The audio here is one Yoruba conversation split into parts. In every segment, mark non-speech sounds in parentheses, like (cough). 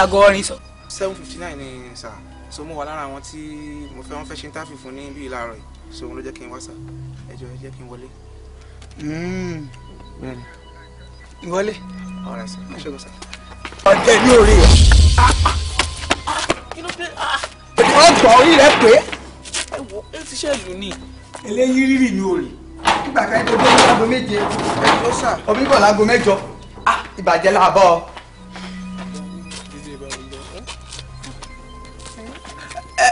làgọ́ ọrin sọ. seven fifty nine ni sà so mo wà lára àwọn tí mo fẹ́ wọ́n fẹ́ ṣe ń tàfi fún ní bíi láàárọ̀ yìí so wọn ló jẹ́ kí n wá sà ẹ jọ̀ọ́ ẹ jẹ́ kí n wọlé. Hmm. ìwọlé. ọ̀rẹ́ sà ẹ ṣẹ́gun sà. ọ̀dẹ ní orí rẹ̀. kí ló dé. Ah, ah. ọgbà orí rẹ̀ pé. ẹ wo ẹ ti ṣe ìlú ni. eléyìí rírì ni o rì nígbà kan tó dé ní aago méje. ẹ ló sà. ọbí bọ̀ láago mẹ́jọ. Ah, ìbàjẹ́ làbọ̀.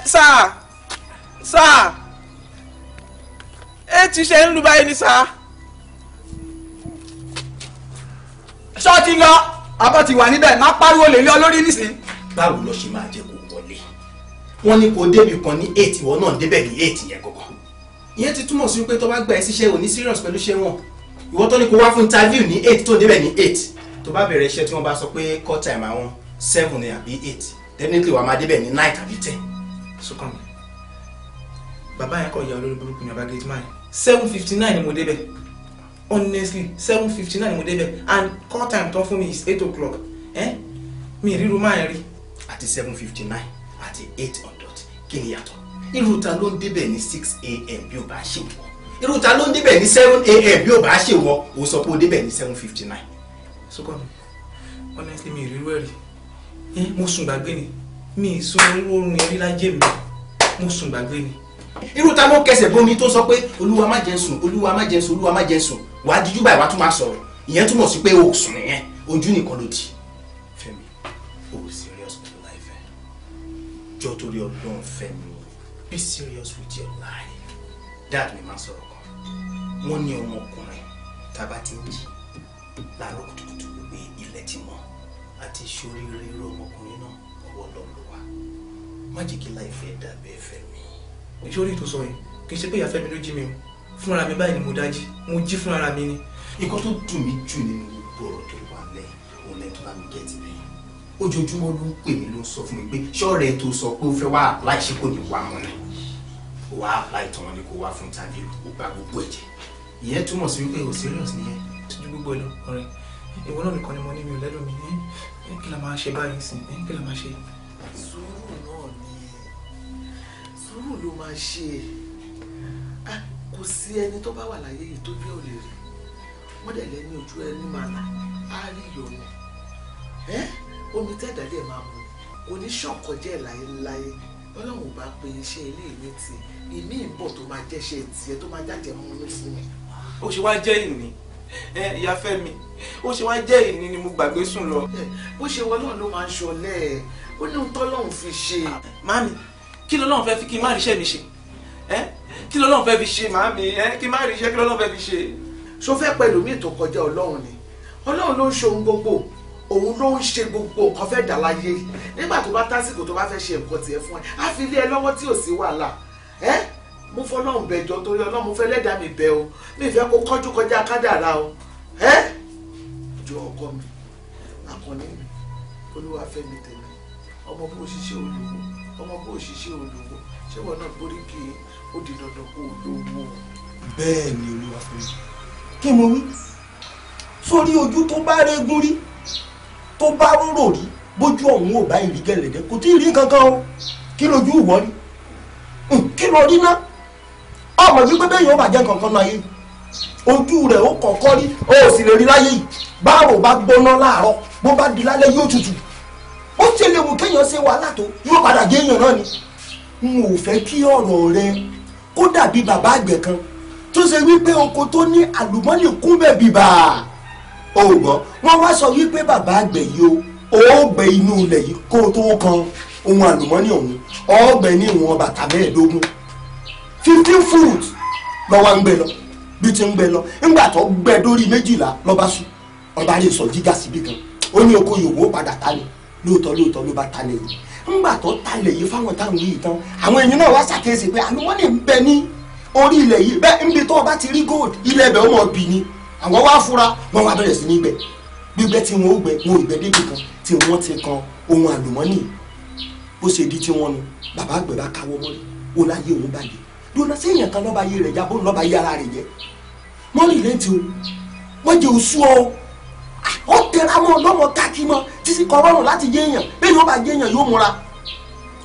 sà sà ẹ ti ṣe ń lu báyìí ni sà. ṣọ́ọ̀tì lọ abọ́ ti wà níbẹ̀ má pariwo lè lé ọ lórí nísìnyí. báwo lọ ṣe máa jẹ kó wọlé wọn ní kó débi kan ní eight ìwọ náà débẹ̀ ní eight yẹn gangan ìyẹn ti túmọ̀ sí pé tó bá gba ẹ síṣẹ́ ò serious pẹ̀lú ṣé wọn ìwọ tó ní kó wá fún interview ní eight tó débẹ̀ ní eight tó bá bẹ̀rẹ̀ iṣẹ́ tí wọ́n bá sọ pé call time àwọn seven ni àbí eight definitely wàá máa débẹ̀ ní nine tàbí ten sùkàn mi bàbá yẹn kọ̀ ya olórí burúkú ní ọba gate man seven fifty nine ni mo débẹ̀ honestly seven fifty nine ni mo débẹ̀ and call time tán fún mi is eight o'clock eh? mi ríru máa rí. àti seven fifty nine àti eight hundred kí ni yàtọ̀ irú ta ló ń débẹ̀ ní six a.m. bí o bá ṣe wọ irú ta ló ń débẹ̀ ní seven a.m. bí o bá ṣe wọ o sọ pé o débẹ̀ ní seven fifty nine. sọkọ mi honestly mi ríru ẹ̀ rí eh, mo sùn gbàgbé ni mi ì sun oorun erí lájẹ mi mo sùn gbàgbé ni irú ta ló kẹsẹ̀ bómi tó sọ pé olúwa má jẹ́ sùn olúwa má jẹ́ sùn olúwa má jẹ́ sùn wàá díjú báyìí wàá tún máa sọ̀rọ̀ ìyẹn túmọ̀ sí pé o sùn nìyẹn ojú nìkan ló di Fẹ́mi o serious with your life ẹ eh? jọ torí Ọlọ́run Fẹ́mi be serious with your life dad mi máa sọ̀rọ̀ kan wọ́n ní ọmọkùnrin tàbá ti ń jí láàárọ̀ kùtùkùtù pé ilẹ̀ ti mọ́ àti ìṣoríire irú ọmọkùnrin náà ọwọ́ lọ́wọ́ má jẹ́ kí láì fẹ́ dàbẹ́ ẹ̀fẹ́ mi. ìṣòro ètò sọ yẹn kì í ṣe pé ìyàfẹ́ mi ló jí mi o fúnra mi báyìí ni mo dájí mo jí fúnra mi ni. nǹkan tó dùn mí jù nínú gbogbo ọ̀rọ̀ tó wà lẹ̀ òun lẹ́yìn tó bá mi gẹ̀ tibẹ̀ ojoojúmọ́ ló ń pè mí ló ń sọ fún mi pé ṣọ́ọ̀rẹ́ tó sọ pé ó fẹ́ wá apply ṣé kò ní wá mọ́ ni wá apply tán ni kò wá fún tàbí ó gba gbogbo ẹ̀jẹ̀ ìyẹn túmọ̀ sí wípé ò serious nìyẹn tójú gbogbo ẹ̀ lọ ọ̀rẹ́ ìwọ náà nìkan ni mo ní mi ò lẹ́lòmí ní kí la máa ṣe báyìí sí kí la máa ṣe sùúrù ló máa ṣe é ah, kò sí ẹni tó bá wà láyé yìí tó bí òlè rí wọ́n dẹ̀ lẹ́ni ojú ẹni máa là á rí ìyọ̀wọ̀ omi tẹ́ẹ̀dá dẹ̀ máa mú kò ní ṣọ̀kọjẹ́ láéláé ọlọ́run bá pe iṣẹ́ ilé ìní ti ìmí ìbọ̀ tó máa jẹ́ṣẹ́ tiẹ̀ tó máa jáde mú mi fún mi. ó ṣe wá jẹ́ ìní ìyá fẹ́mi ó ṣe wá jẹ́ ìní ni mo gbàgbé sùn lọ. bó ṣe wọ́n náà ló máa ń ṣọlẹ́ ẹ̀ ó ní ohun tọ́lọ́run fi ṣe. mami kí lọ́lọ́run fẹ́ fi kí n má ríṣẹ́ mi ṣe ẹ́ kí lọ́lọ́run fẹ́ fi ṣe màámi ẹ́ kí n má ríṣẹ́ kí lọ́lọ́run fẹ́ fi ṣe. so fẹ́ pẹ̀lú mi tó kọjá ọlọ́run ni ọlọ́run ló ń ṣe ohun gbogbo òun ló ń ṣe gbogbo nǹkan fẹ́ dà láyé nígbà tó bá tásìkò tó bá fẹ́ ṣe nǹkan tiẹ̀ fún ẹ á fi lé ẹ lọ́wọ́ tí ò sí wàhálà ẹ́ mo fọlọ́run bẹ̀jọ́ torí ọlọ́run mo fẹ́ lẹ́dàá mi bẹ̀ o mi fẹ́ kó kọ́jú kọjá kádàrá o ẹ́ jọ ọkọ mi àkànní mi olúwa fẹ́ mi tẹ̀lé ọmọ bó ṣiṣẹ́ olùkọ́ ọmọ bó ṣiṣẹ́ olówó ṣé wọn náà borí kí ó di dandan kó olówó. bẹ́ẹ̀ ni olúwa fẹ́ kí mo wí sórí ojú tó bá régún rí tó bá róró rí bójú ọ̀hún ò bá ìrí gẹ̀lẹ̀dẹ́ kò tí ì rí kankan o kí lójú ìwọ rí hmm, kí ló rí ná ọmọ wípé bẹ́ẹ̀ yóò bàjẹ́ kankan náà yìí ojú rẹ̀ ó kọ̀ọ̀kan rí ó sì lè rí láyé yìí báwo bá gbóná láàárọ̀ bó bá di lálẹ́ yóò tutù ó ṣe lè wù kéèyàn ṣe wàhálà tó yóò padà gé èèyàn náà ni n ò fẹ́ kí ọ̀rọ̀ rẹ kó dàbí bàbá àgbẹ̀ kan tó ṣe wípé oko tó ní àlùmọ́nì kún bẹ́ẹ̀ bìbà ó gbọ́ wọ́n wá sọ wípé bàbá àgbẹ̀ yìí o ó gbẹ inú ilẹ̀ yìí kó tó kan ohun àlùmọ́nì ọ̀hún ọ̀gbẹ ní ìwọ̀n bàtà mẹ́ẹ̀ẹ́dógún fifteen foot lọ́wọ́ ń gbẹ lọ bí ti ń gbẹ lọ ńgbà tó gbẹ dórí méjìlá lọ́ba sùn ọba lè sọ jíga síbi kan ó ní oko yòówó padà ta ni lóòótọ́ lóòótọ́ ló bá talẹ̀ yìí ńgbà tó talẹ̀ yìí fáwọn táwọn yìí tán àwọn èèyàn náà wá ṣàkíyèsí pé àmì wọ́n lè ń bẹ ní orí ilẹ̀ yìí bẹ́ẹ̀ níbi tó o bá ti rí gold ilẹ̀ ẹ̀bẹ̀ ọmọ ọ̀bì ni àwọn wá fura wọn wá bẹ̀rẹ̀ sí ní gbẹ gbígbẹ́ tí wọn ó gbẹ wọn ò gbẹ débi kan tí wọ́n ti kan ohun àlùmọ́nì bó ṣe di tí wọ́n nu bàbá àgbẹ̀ bá káwọ́ mọ́lẹ̀ ó láyé òun bàjẹ́ lọ́nà sí èèyàn kan lọ́ba ayé rẹ̀ jábọ́ lọ́ba ayé ara rẹ̀ jẹ́ mọ́rìnlẹ́ntì o wọ́n jẹ́ òṣù ọ́ ó tẹra mọ́ ọlọ́mọ káàkiri mọ́ títí kọ́ rọrùn láti yé èèyàn bẹ́ẹ̀ ni wọ́n bá yé èèyàn yóò múra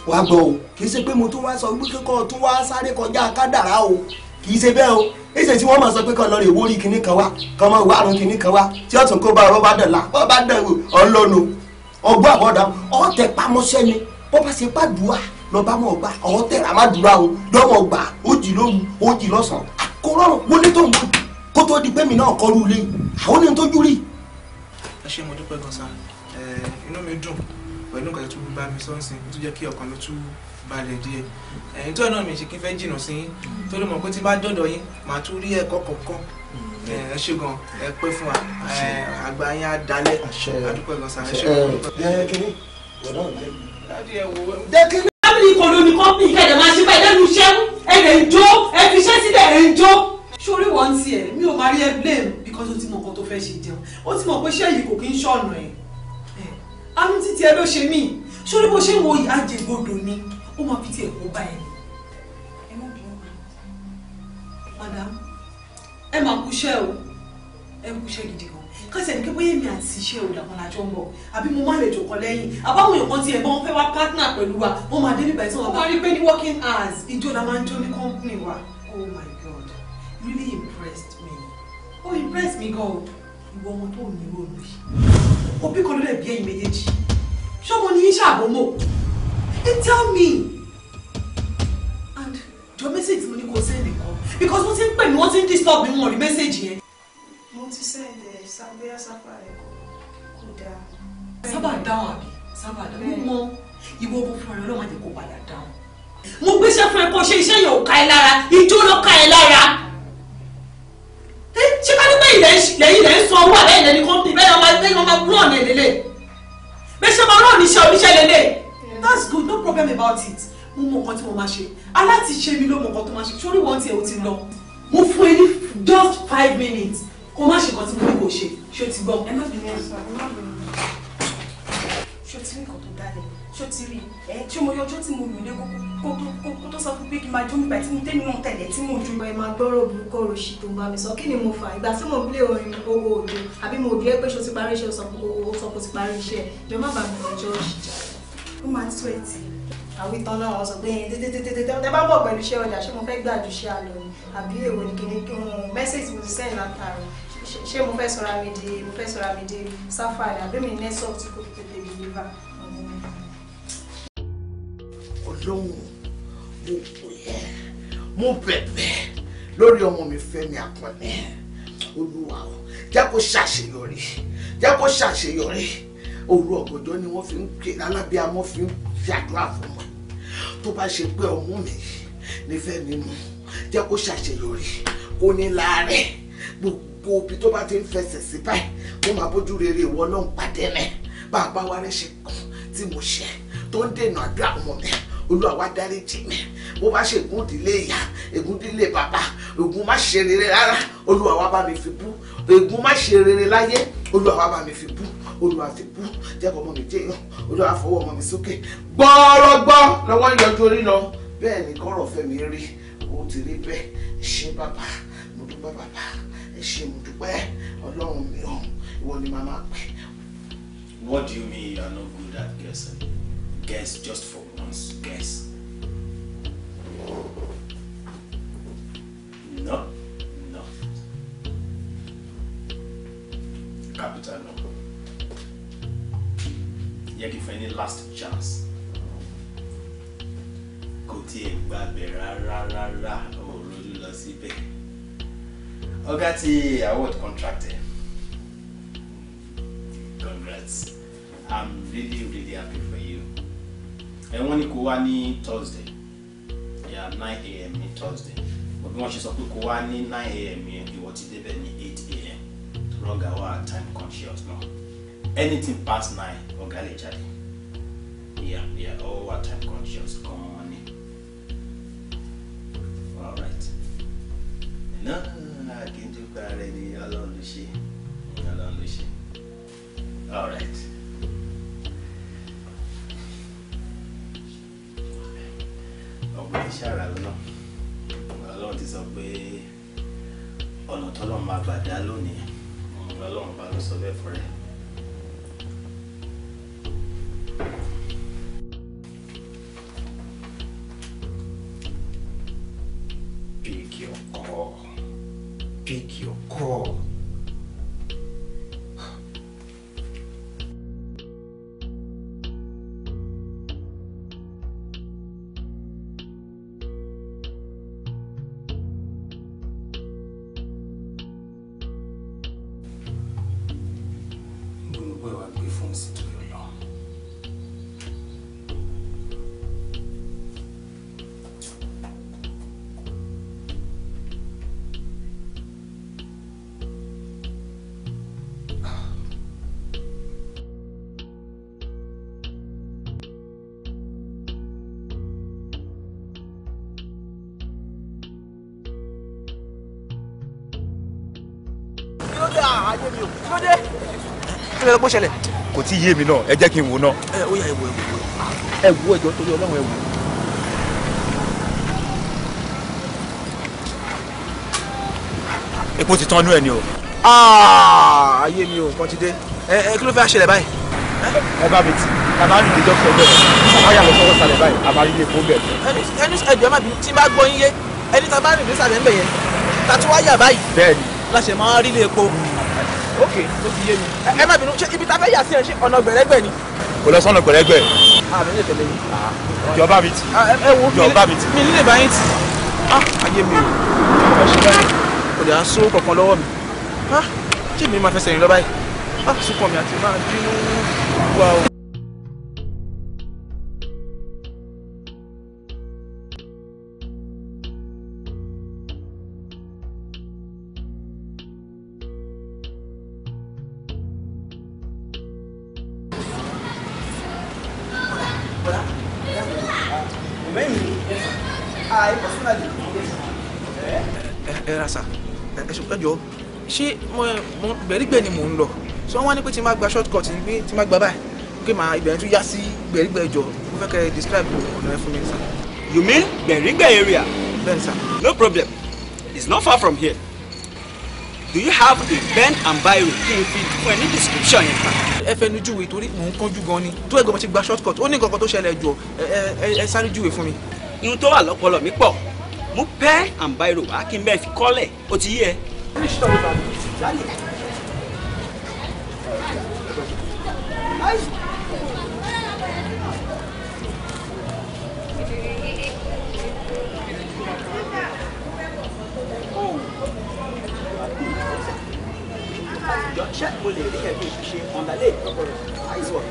wàá gbọ́ o kì í ṣe pé mo tún wá sọ wípé kíkọ́ tún wá sáré kọjá kádàrá o kì í ṣe bẹ́ẹ̀ o èsì tí wọ́n máa sọ pé kọ́ lọ́ọ́ rè wórí kinní kan wá kọ́ máa wá àrùn kinní kan wá tí ọ̀tún kó bá ọ̀rọ̀ bá dọ̀la bọ́ bá dọ̀ ọlọ́nu ọgbọ́ àbọ̀dá ọ̀tẹ̀ pamọ́ṣẹ́ ni bọ́ bá ṣe pàdùà lọ́ba mọ̀ gbà ọ̀tẹ̀ ràmàdùrà o lọ́mọ gbà ojì lóru ojì lọ́sàn-án kò rọrùn wọlé tó ń kó tó di pẹ́mi náà kọ́ lulẹ̀ àwọn ènìyàn tó júrì ẹ ṣé mo dúpẹ́ gan sa eh, inú mi dùn pẹ̀lú nǹkan tó bá mi sọ́nsìn tó jẹ́ kí ọkàn mi tún balẹ̀ díẹ̀ ẹ̀yin tó ẹ̀ náà mi ṣe kí n fẹ́ jìnnà sí yín torí mọ̀ pé tí bá dọ̀dọ̀ yín màá tún rí ẹ̀kọ́ kọ̀ọ̀kan mm. eh, ẹ ṣé gan ẹ pé fún wa eh, àgbà yín á dalẹ̀ àdúpẹ́ gan sa ẹ ṣé gan. dábìlì kan ló ní kọ́pì kẹ̀dẹ̀ máa ṣe bẹ́ẹ̀ lẹ́nu iṣẹ́ ń jó ẹ fi iṣẹ́ sílẹ̀ ẹ̀rẹ̀ ń jó. sórí wọn ti mi ò máa rí ẹ blame because ó ti mọ nǹkan tó fẹ́ ṣe jẹun ó ti mọ̀ pé iṣẹ́ yìí kò kí ń ṣọ̀nà ẹ̀ àánú títí ẹ ló ṣe mí sórí bó ṣe ń wo àjẹgbodò ni ó máa fi tiẹ̀ kó bá ẹ. ẹ madam ẹ máa kúṣẹ́ o ẹ kúṣẹ́ gidi gan kọ́sẹ̀ ní kí bóyá èmi àti iṣẹ́ ò làwọn àjọ ń bọ̀ àbí mo má lè jòkó lẹ́yìn àbáwọn èèyàn kan tiẹ̀ bọ́ fẹ́ wá partner pẹ̀lú wa wọ́n máa dé nígbà tí wọ́n bá rí pé ní working hours ìjọ máa ń jó ní company wa oh my god really impressed me. Oh, impress me, God! o ìwọ to tó ní ìwọ òbí òbí kan ló lè bí ẹ̀yin méjèèjì ṣọmọ ni yín ṣàbọmọ ẹ tell me and jọ message tí mo ní kó send nìkan because wọ́n ti ń pè mí wọ́n ti ń disturb mi wọ́n rí message yẹn. mo ti send ẹ sábẹ́yà safari, rẹ kò dáa. sábà dáhùn àbí sábà dáhùn mo mọ ìwọ ọmọ fúnra rẹ ọlọ́mọdé kò padà down? mo gbéṣẹ́ fún ẹ kó ṣe iṣẹ́ yẹn ò ká ẹ lára ijó ló ká ẹ lára ṣé ká ní pé ilẹ̀ ilẹ̀ ń san owó àlẹ́ ilẹ̀ ní kọ́ńtì bẹ́ẹ̀ ọmọ bẹ́ẹ̀ ọmọ rọ̀ ní èlélẹ̀ bẹ́ẹ̀ ṣe máa rọ̀ ní iṣẹ́ oníṣẹ́ lélẹ̀ that's good no problem about it mo mọ nǹkan tí mo máa ṣe aláti ṣe mi ló mọ nǹkan tó máa ṣe sórí wọn tiẹ̀ ó ti lọ mo fún ẹ just five minutes kó má ṣe nǹkan tí mo ní kò ṣe ṣé o ti gbọ́ ẹ má bínú ẹ ṣé o ti ní kọ́ ṣó ti rí ẹ ṣé mo yọjọ́ tí mo lò lé kó tó sọ fún pé kí n máa jó nígbà tí mo tẹ́mi náà tẹ̀lé tí mo jó. ẹ máa gbọ́rọ̀ burúkú ọ̀rọ̀ ṣì tó ń bá mi sọ kí ni mo fà ìgbà tí mo ń lé orin owó òde àbí mo bí ẹ pé ṣó ti parí iṣẹ́ sọ pé ó sọ pé ó ti parí iṣẹ́ jọ má bàa mi ọjọ́ ìjà ó máa tó ẹ̀ tì àwọn ìtàn náà wọn sọ pé tètè tẹ bá bọ̀ pẹ̀lú iṣẹ́ ọjà ṣé mo fẹ́ gbà ju iṣẹ́ àlọ́ ni àbí èwo ni kìíní kí n mẹ́sẹ̀jì mo ti sẹ́yìn látàrí ṣé mo fẹ́ sọra mi di mo fẹ́ sọra mi di sáfàrí àbí mi ní ẹ̀ kò tètè deliver ọlọ́run mo pè é mo bẹ̀bẹ̀ lórí ọmọ mi Fẹ́mi Akànnì olúwa o jẹ́ kó ṣàṣeyọrí jẹ́ kó ṣàṣeyọrí òru ọ̀gànjọ́ ni wọ́n fi ń ké alábíàmọ fi ń ṣàdúrà fún mi tó bá ṣe pé ọmú mi ní Fẹ́mi mu jẹ́ kó ṣàṣeyọrí kó ní láàrin gbogbo ibi tó bá ti ń fẹsẹ̀ sí báyìí mo máa bójú rere ìwọ ọlọ́run pàdé mi bá a bá wa rẹ̀ ṣe kàn tí mo ṣe tó ń dènà àdúrà ọmọ mi olúwa wá dáríjì mi bó bá ṣe ègún ìyá ègún bàbá ègún má ṣe rere rárá olúwa wá bá mi fi bú ègún má ṣe rere láyé olúwa wá bá mi fi bú olúwa fi bú jẹ́kọ̀ ọmọ mi jẹ́yàn olúwa fọwọ́ ọmọ mi sókè gbọ́ọ́rọ́gbọ́ lọ́wọ́ yọjú orí lọ bẹ́ẹ̀ ni kọ́rọ̀ fẹ́ mi rí o ti rí bẹ́ẹ̀ ṣe bàbá mo dúpẹ́ bàbá ẹ ṣe mo dúpẹ́ ọlọ́run mi ọ̀hún ìwọ ni màmá pẹ́. What do you mean you are not good at guessing? Guess just for once. Guess. No. No. Capital no. Yẹ kí fún ẹ ní last chance. Kò tiẹ̀ gbàgbé rárá rárá ò rojú lọ síbẹ̀. Ọ̀gá ti award contract ẹ̀. Congrats. I'm really really happy ẹ wọ́n ní kó wá ní Thursday yeah nine a.m. ní Thursday mo bí wọ́n ṣe sọ pé kó wá ní nine a.m. yẹn ìwọ ti débẹ̀ ní eight a.m. rọ́gà wá time conscious náà anything past nine ọ̀gá lè jáde yeah yeah ó wá time conscious gan-an ni all right náà kí n dúpẹ́ ara ẹni ọlọ́run ló ṣe ọlọ́run ló ṣe all right. ọgbọ́n iṣẹ́ ara lọ́nà ọlọ́run ti sọ pé ọ̀nà tọ́lọ́run máa gbà dá lónìí ọlọ́run bá ló sọ bẹ́ẹ̀ fún kí ló ṣẹlẹ̀ kò tí ì yé mi náà ẹ jẹ́ kí n wò náà. ẹ ó yá ẹ wò ẹ wò ẹ wò ẹjọ torí Ọlọ́run ẹ wò. epo ti tán nú ẹ ni o. Ah, ayé mi ò kàn ti dé ẹ ẹ kí ló fẹ́ ṣẹlẹ̀ báyìí. ẹ bá mi tì bàbá mi dìjọ́ sọ bẹ́ẹ̀ bàbá yà lọ sọ́wọ́ sàlẹ̀ báyìí bàbá mi lè kó bẹ̀. ẹni ẹjọ má bínú tí n bá gbọ́ yín yé ẹni tá a bá rìn ní sàlẹ̀ ń bẹ̀ yẹn tá a tún wá yà báyìí. bẹ́ẹ̀ni. láṣẹ máa rí ilé epo. Mm ok ó ti yé mi ẹ má bínú ṣe ibi tá a fẹ́ yà sí ẹ ṣe ọ̀nà gbẹ̀rẹ́gbẹ̀ ni. kò lọ sọ́nà gbẹ̀rẹ́gbẹ̀. àmì ah, lè tẹ̀lé yìí. jọ bá mi tì. ẹ wo mi nílé báyìí tì. Ah, ayé mi ò ẹ ṣe báyìí kò dé à ń sówó kankan lọ́wọ́ mi. Ah, ṣé mi máa fẹsẹ̀ rìn lọ báyìí? sùkọ̀ mi àti máa bínú wá o. ṣé mo gbẹ̀rígbẹ̀ ni mò ń lọ so wọ́n wá ní pé tí n bá gba short cut ni tí n bá gba báyìí pé màá ibẹ̀rẹ̀ tún yá sí gbẹ̀rígbẹ̀ jọ mo fẹ́ kẹ́ ẹ describe ọ̀nà ẹ fún mi sir. you mean gbẹ̀rígbẹ̀ area. bẹ́ẹ̀ sir. no problem it's not far from here. do you have a pen and biro kí n fi fún ẹ ní description yẹn kan. ẹ fẹ́ nu júwe torí mò ń kánjú gan ni tó ẹ̀gbọ́n mo ti gba short cut ó ní nǹkan kan tó ṣẹlẹ̀ jù ẹ sáré júwe fún mi. ihun tó wà lọ́pọlọ mú pen and biro wá kí n bẹ́ẹ̀ fi kọ́lẹ̀ ó ti yé ẹ Which story about it? Dale. Ay. Jọ ṣẹ́ mo lè rí ẹ̀mí ṣe ọ̀nàlẹ́ ìpapọ̀ rẹ̀ àìsàn.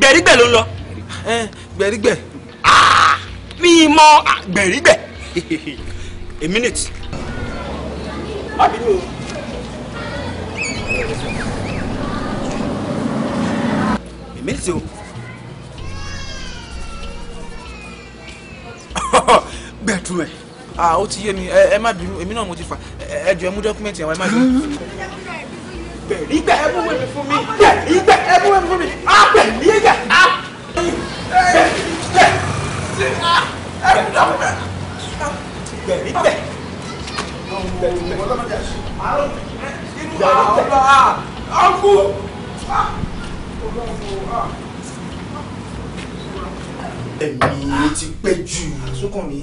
Gbẹ̀rígbẹ̀ ló ń lọ. Gbẹ̀rígbẹ̀. Ah! mi mọ àgbẹ̀rígbẹ̀ a minute. a minute o. (laughs) bẹ́ẹ̀tùmẹ̀. ah ó ti yé mi ẹ má bínú èmi náà mo ti fà ẹ jọ ẹ mú dọ́kúmẹ̀ntì àwọn ẹ má bínú. bẹ̀rígbẹ̀ ẹ mú wẹ̀mí fún mi bẹ̀rígbẹ̀ ẹ mú wẹ̀mí fún mi á bẹ̀rígbẹ̀ ẹ̀mí ló ti pẹ́ jù. sókàn mi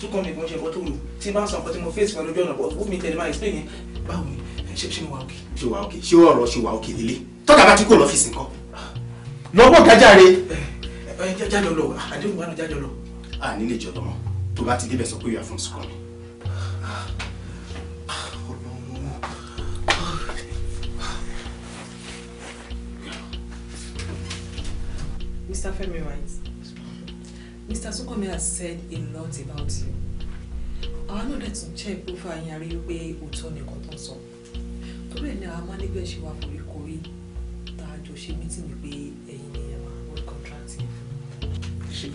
sókàn mi kò ń ṣe ọkọ tó lò tí bá ń sọ ọkọ tí mo fèsì pẹ̀lú ojú ọ̀nà bọ̀ ó mi tẹ̀lé máa explain yẹn báwo ni ṣe ṣe wà òkè. ṣe wà òkè ṣé ọ̀rọ̀ ṣe wà òkè lélẹ̀ tọ́ka bá ti kó lọ́fíìsì nǹkan. Ah. lọ́wọ́ gájà re. ẹ eh, ẹ eh, jájọ lọ àdéhùn wa náà jájọ lọ a nílé ìjọ lọ́mọ tó bá ti débẹ̀ sọ pé you are from school mi. Mr. Femi writes, Mr. Sukomi has said a lot about you. I náà dẹ̀ tún check profile yẹn rí pé òótọ́ nìkan tó ń sọ. Torí ẹ̀ ní àwọn amánigbẹ́ ṣe wà fún ìkórè tá a jọ ṣe mítìmì pé ẹ̀yin ni ẹ̀ máa ń wọ́n kọ́ńtráǹtì. Ṣé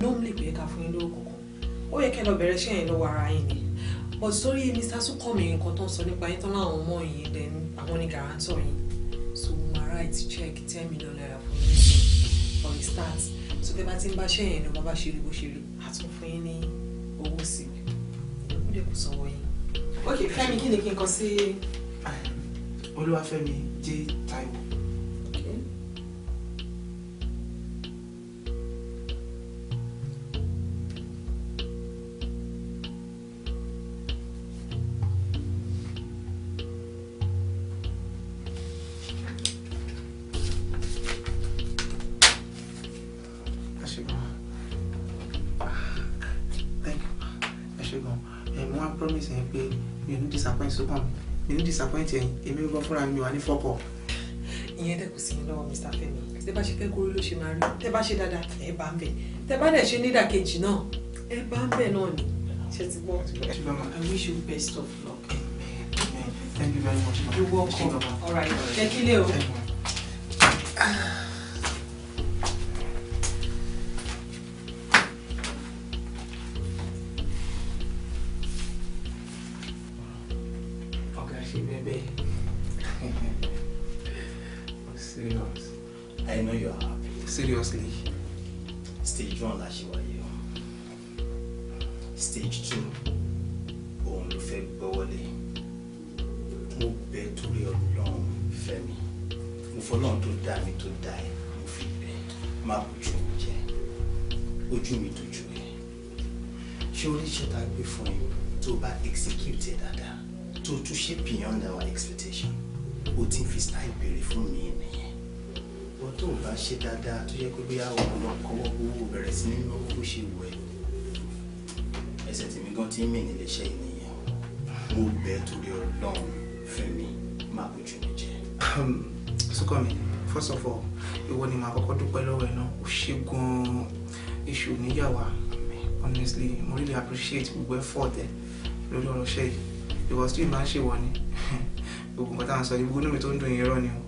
normally kò yẹ ká fún yín lórúkọ kan ó yẹ kẹ́ bẹ̀rẹ̀ iṣẹ́ lọ́wọ́ ara yín ni but sórí Mr. Sukanmi nǹkan tó ń sọ nípa yín tán láwọn ọmọ yìí then àwọn ni guarantor yín so my right check ten million naira fún yín for the start so tẹ́ bá ti ń bá iṣẹ́ yẹn bá bá ṣe bó ṣe rí àtún fún yín ní owó sí i ó dẹ̀ kó sanwó yín ok Fẹ́mi kí ni kí n kọ sí. Olúwafẹ́mi J Taiwo nísìnyí pé mi ò ní disappoint sọ́pà mi ní disappoint ẹ̀yìn èmi gbọ́ fúnra mi wà ní fọ́kọ̀. ìyẹn dẹ́kun sí mi lọ́wọ́ Mr. Fẹ́mi tẹ́ bá ṣe fẹ́ ló ṣe máa rí tẹ́ bá ṣe dáadáa ẹ bá ń bẹ tẹ́ bá dẹ̀ ṣe nídàkejì náà ẹ bá ń bẹ náà ni ṣe ti gbọ́. I wish you best of luck. Thank you very much. You're welcome. All right. Jẹ́ kílé o. appreciate gbogbo effort ẹ lórí ọ̀rọ̀ ṣẹ́ yìí because tí ìmá ṣèwọ ni gbogbo nǹkan táwọn sọ yìí gbogbo inú tó ń dùn yìí ni o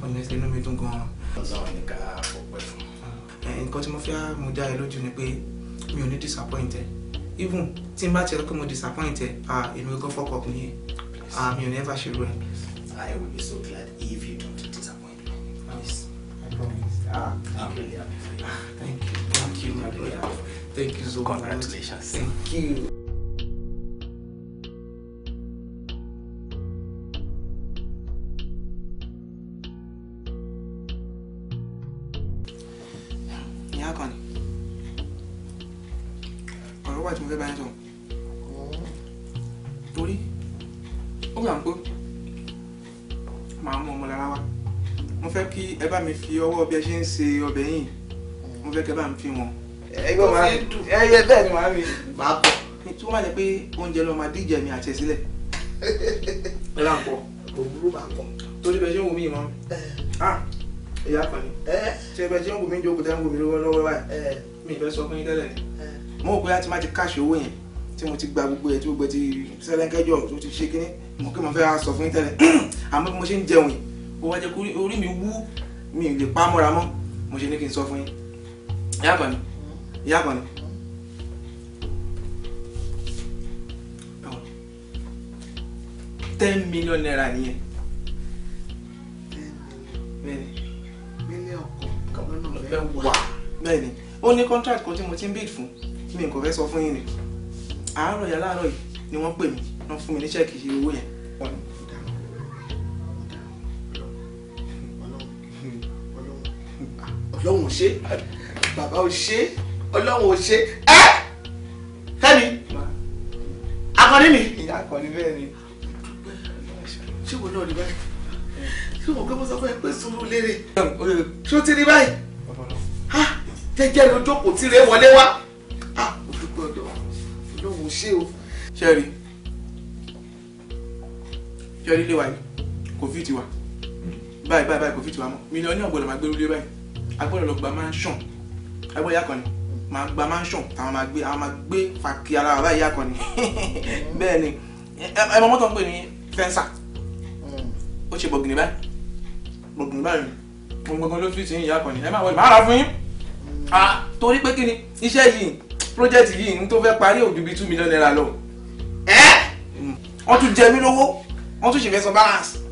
honestly inú mi dùn gan-an. ọlọ́run ká ọpẹ́ fún. nǹkan tí mo fẹ́ mú dá ẹ lójú ni pé mi ò ní disappoint ẹ even tí n bá tiẹ̀ pé mo disappoint ẹ èmi gan fọ́kọ̀ ọ̀pọ̀ nìyẹn mi ò ní ever ṣe rú ẹ. I will be so glad if you don't disappoint me. Please. I promise. Ah, I'm really happy for you. Ah, thank you. Thank you, my brother. Thank you so Congratulations. much. Congratulations. Thank you. Ìyá kan ni. Ọ̀rọ̀ wà tí mo fẹ́ bá yín sọ̀rọ̀. Torí ó gbà ń pé màá mú ọmọ lára fi ọwọ́ bí ẹ ṣe ń se ọbẹ̀ yìí. Mo fẹ́ kí bá mi fi wọn ẹgbẹ́ màá ẹyẹ bẹ́ẹ̀ ni màá mi màá kọ tí wọ́n bá jẹ pé oúnjẹ lọ́ọ́ máa díjẹ mi àti ẹ̀ sílẹ̀ ẹ̀rọ àpọ̀ òwúrọ̀ máa kan ni ṣé bẹ́ẹ̀ ṣé ń wo mí jókòó tẹ́ ń wo mí lọ́wọ́ báyìí ni mo rò pé láti má ti káṣí owó yẹn tí mo ti gba gbogbo ẹ̀ tí gbogbo ẹ̀ ti sẹ́lẹ̀kẹ́jọ tó ti ṣe kínní mo kí mo fẹ́ sọ fún yín tẹ́lẹ̀ (clears throat) àmọ́ bí mo ṣe ń jẹun yìí ó wá orí mi wú mi lè pa mọ́ra mọ́ mo ṣe ní kí n sọ fún yín ìyá kan ìyá kan ni. ten million naira nìyẹn. bẹ́ẹ̀ni mílíọ̀n kan lọ́nà mẹ́wàá. bẹ́ẹ̀ni ó ní contract kan tí mo ti ń bid fún mi kò fẹ́ sọ fún yín ni àárọ̀ yà láàárọ̀ yìí ni wọ́n pè mí wọ́n fún mi ní ṣẹ́ẹ̀kì ṣe owó yẹn. ọlọ́run ṣe bàbá ò ṣe ọlọ́run ò ṣe ẹ́ fẹ́mi akọni mi. ìyá akọni bẹ́ẹ̀ ni. ṣé wo náà rí báyìí ṣé wọn gbọ́dọ̀ sọ fún ẹ pé sùúrù lérè ṣé o ti rí báyìí jẹjẹ ló jókòó tí rẹ wọlé wá olùkọ́ ọ̀dọ̀ ọlọ́run ò ṣe o. ṣẹ́ẹ̀rì ṣẹ́ẹ̀rì lè wáyé kò fi tiwa báyìí báyìí báyìí kò fi tiwa mọ́ mílíọ̀nù ọ̀gbọ́dọ̀ máa gbẹ́rú lé báyìí agbọ́dọ̀ lọ gba máa ń ṣàn agbọ́dọ̀ yá kan ni máa gba mansion táwọn máa gbé àwọn máa gbé fàkì ara bàbá ìyá kan ni (laughs) bẹ́ẹ̀ ni ẹ mọ mọ́tò ń pè ní fẹ́ńsà hmm. ó ṣe bọ̀gìnì báyìí bọ̀gìnì báyìí mo gbọ́ngàn ló fi sí ìyá kan ni ẹ máa wọlé máa rà fún yín hmm. ah, torí pé kí ni iṣẹ́ yìí project yìí n tó fẹ́ parí òjú bíi two million naira lọ hmm. wọ́n tún jẹ mí lówó wọ́n tún ṣèfẹ́ san balance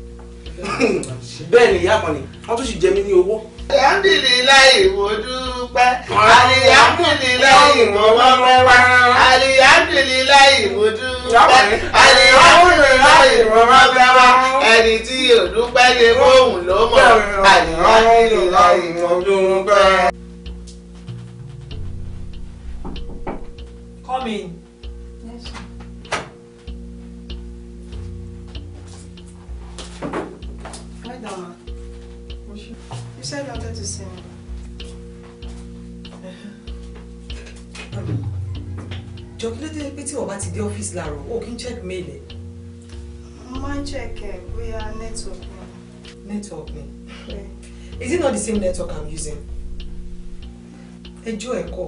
bẹ́ẹ̀ ni ìyá kan ni wọ́n tún sì jẹ mí ní owó. alihamdulilayi mo dúpẹ́ ah. alihamdulilayi mo mọ́mọ́ wá ah. alihamdulilayi mo dúpẹ́ alihamdulilayi mo mọ́mọ́ wá ah. ẹni tí yóò dúpẹ́ lè fóun ló mọ̀ alihamdulilayi mo dúpẹ́. Come said you wanted to see me. jọ kí ló dé pé tí wọ́n bá ti dé ọ́fíìsì láàárọ̀ o kì í check mail ẹ̀. mo máa ń check ẹ bóyá network mi. network mi is it not the same network i'm using. ẹjọ́ ẹ̀kọ́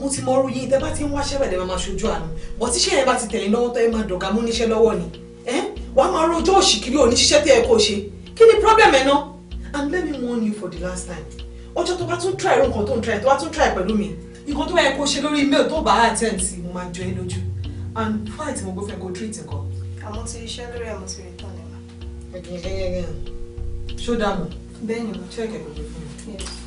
mo ti mọ orí yín tẹ́ bá ti ń wáṣẹ́ bẹ̀rẹ̀ máa ṣojú àánú bọ́ tíṣẹ́ yẹn bá ti tẹ̀lé lọ́wọ́ tó ẹ máa dọ̀gá mú níṣẹ́ lọ́wọ́ ni wàá máa rojọ́ òṣì kiri òní ṣiṣẹ́ tí ẹ kò ṣe kí ni problem ẹ̀ náà and let me warn you for the last time ọjọ́ tó bá tún try irú nǹkan tó ń try tó bá tún try pẹ̀lú mi nǹkan tó yẹ kó ṣe lórí email tó bá attend sí mo máa jọ ẹ lójú and fight mo gbọ́ fẹ́ kó treat nǹkan. àwọn ti iṣẹ́ lórí àwọn ti rìn tán ni wa. ṣó dààmú. bẹ́ẹ̀ ni mo check ẹ̀ fún mi.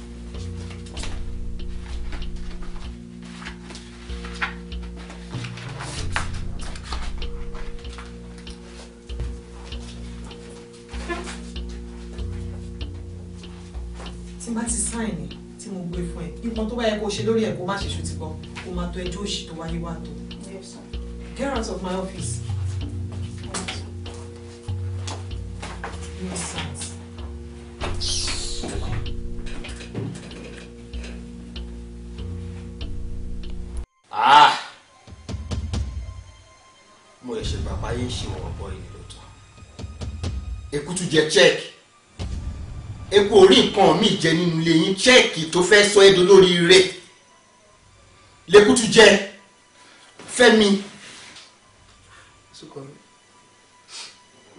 sáìn ni tí mo gbé fún ẹ nǹkan tó bá yẹ kó ṣe lórí ẹ kó má ṣe ṣu ti bọ kó má tó ẹjọ́ òṣì tó wáyé wá tó. get out of my office. Ah! Mo ṣe bàbá yín ṣe wọ̀n bọ́ ìlú tó. Èkútù jẹ check epo orí nǹkan mi jẹ nínú ilé yín chẹ́ẹ̀kì tó fẹ́ sọ ẹ́ dolórí rẹ̀ lẹ́kùtù jẹ fẹ́mi. mi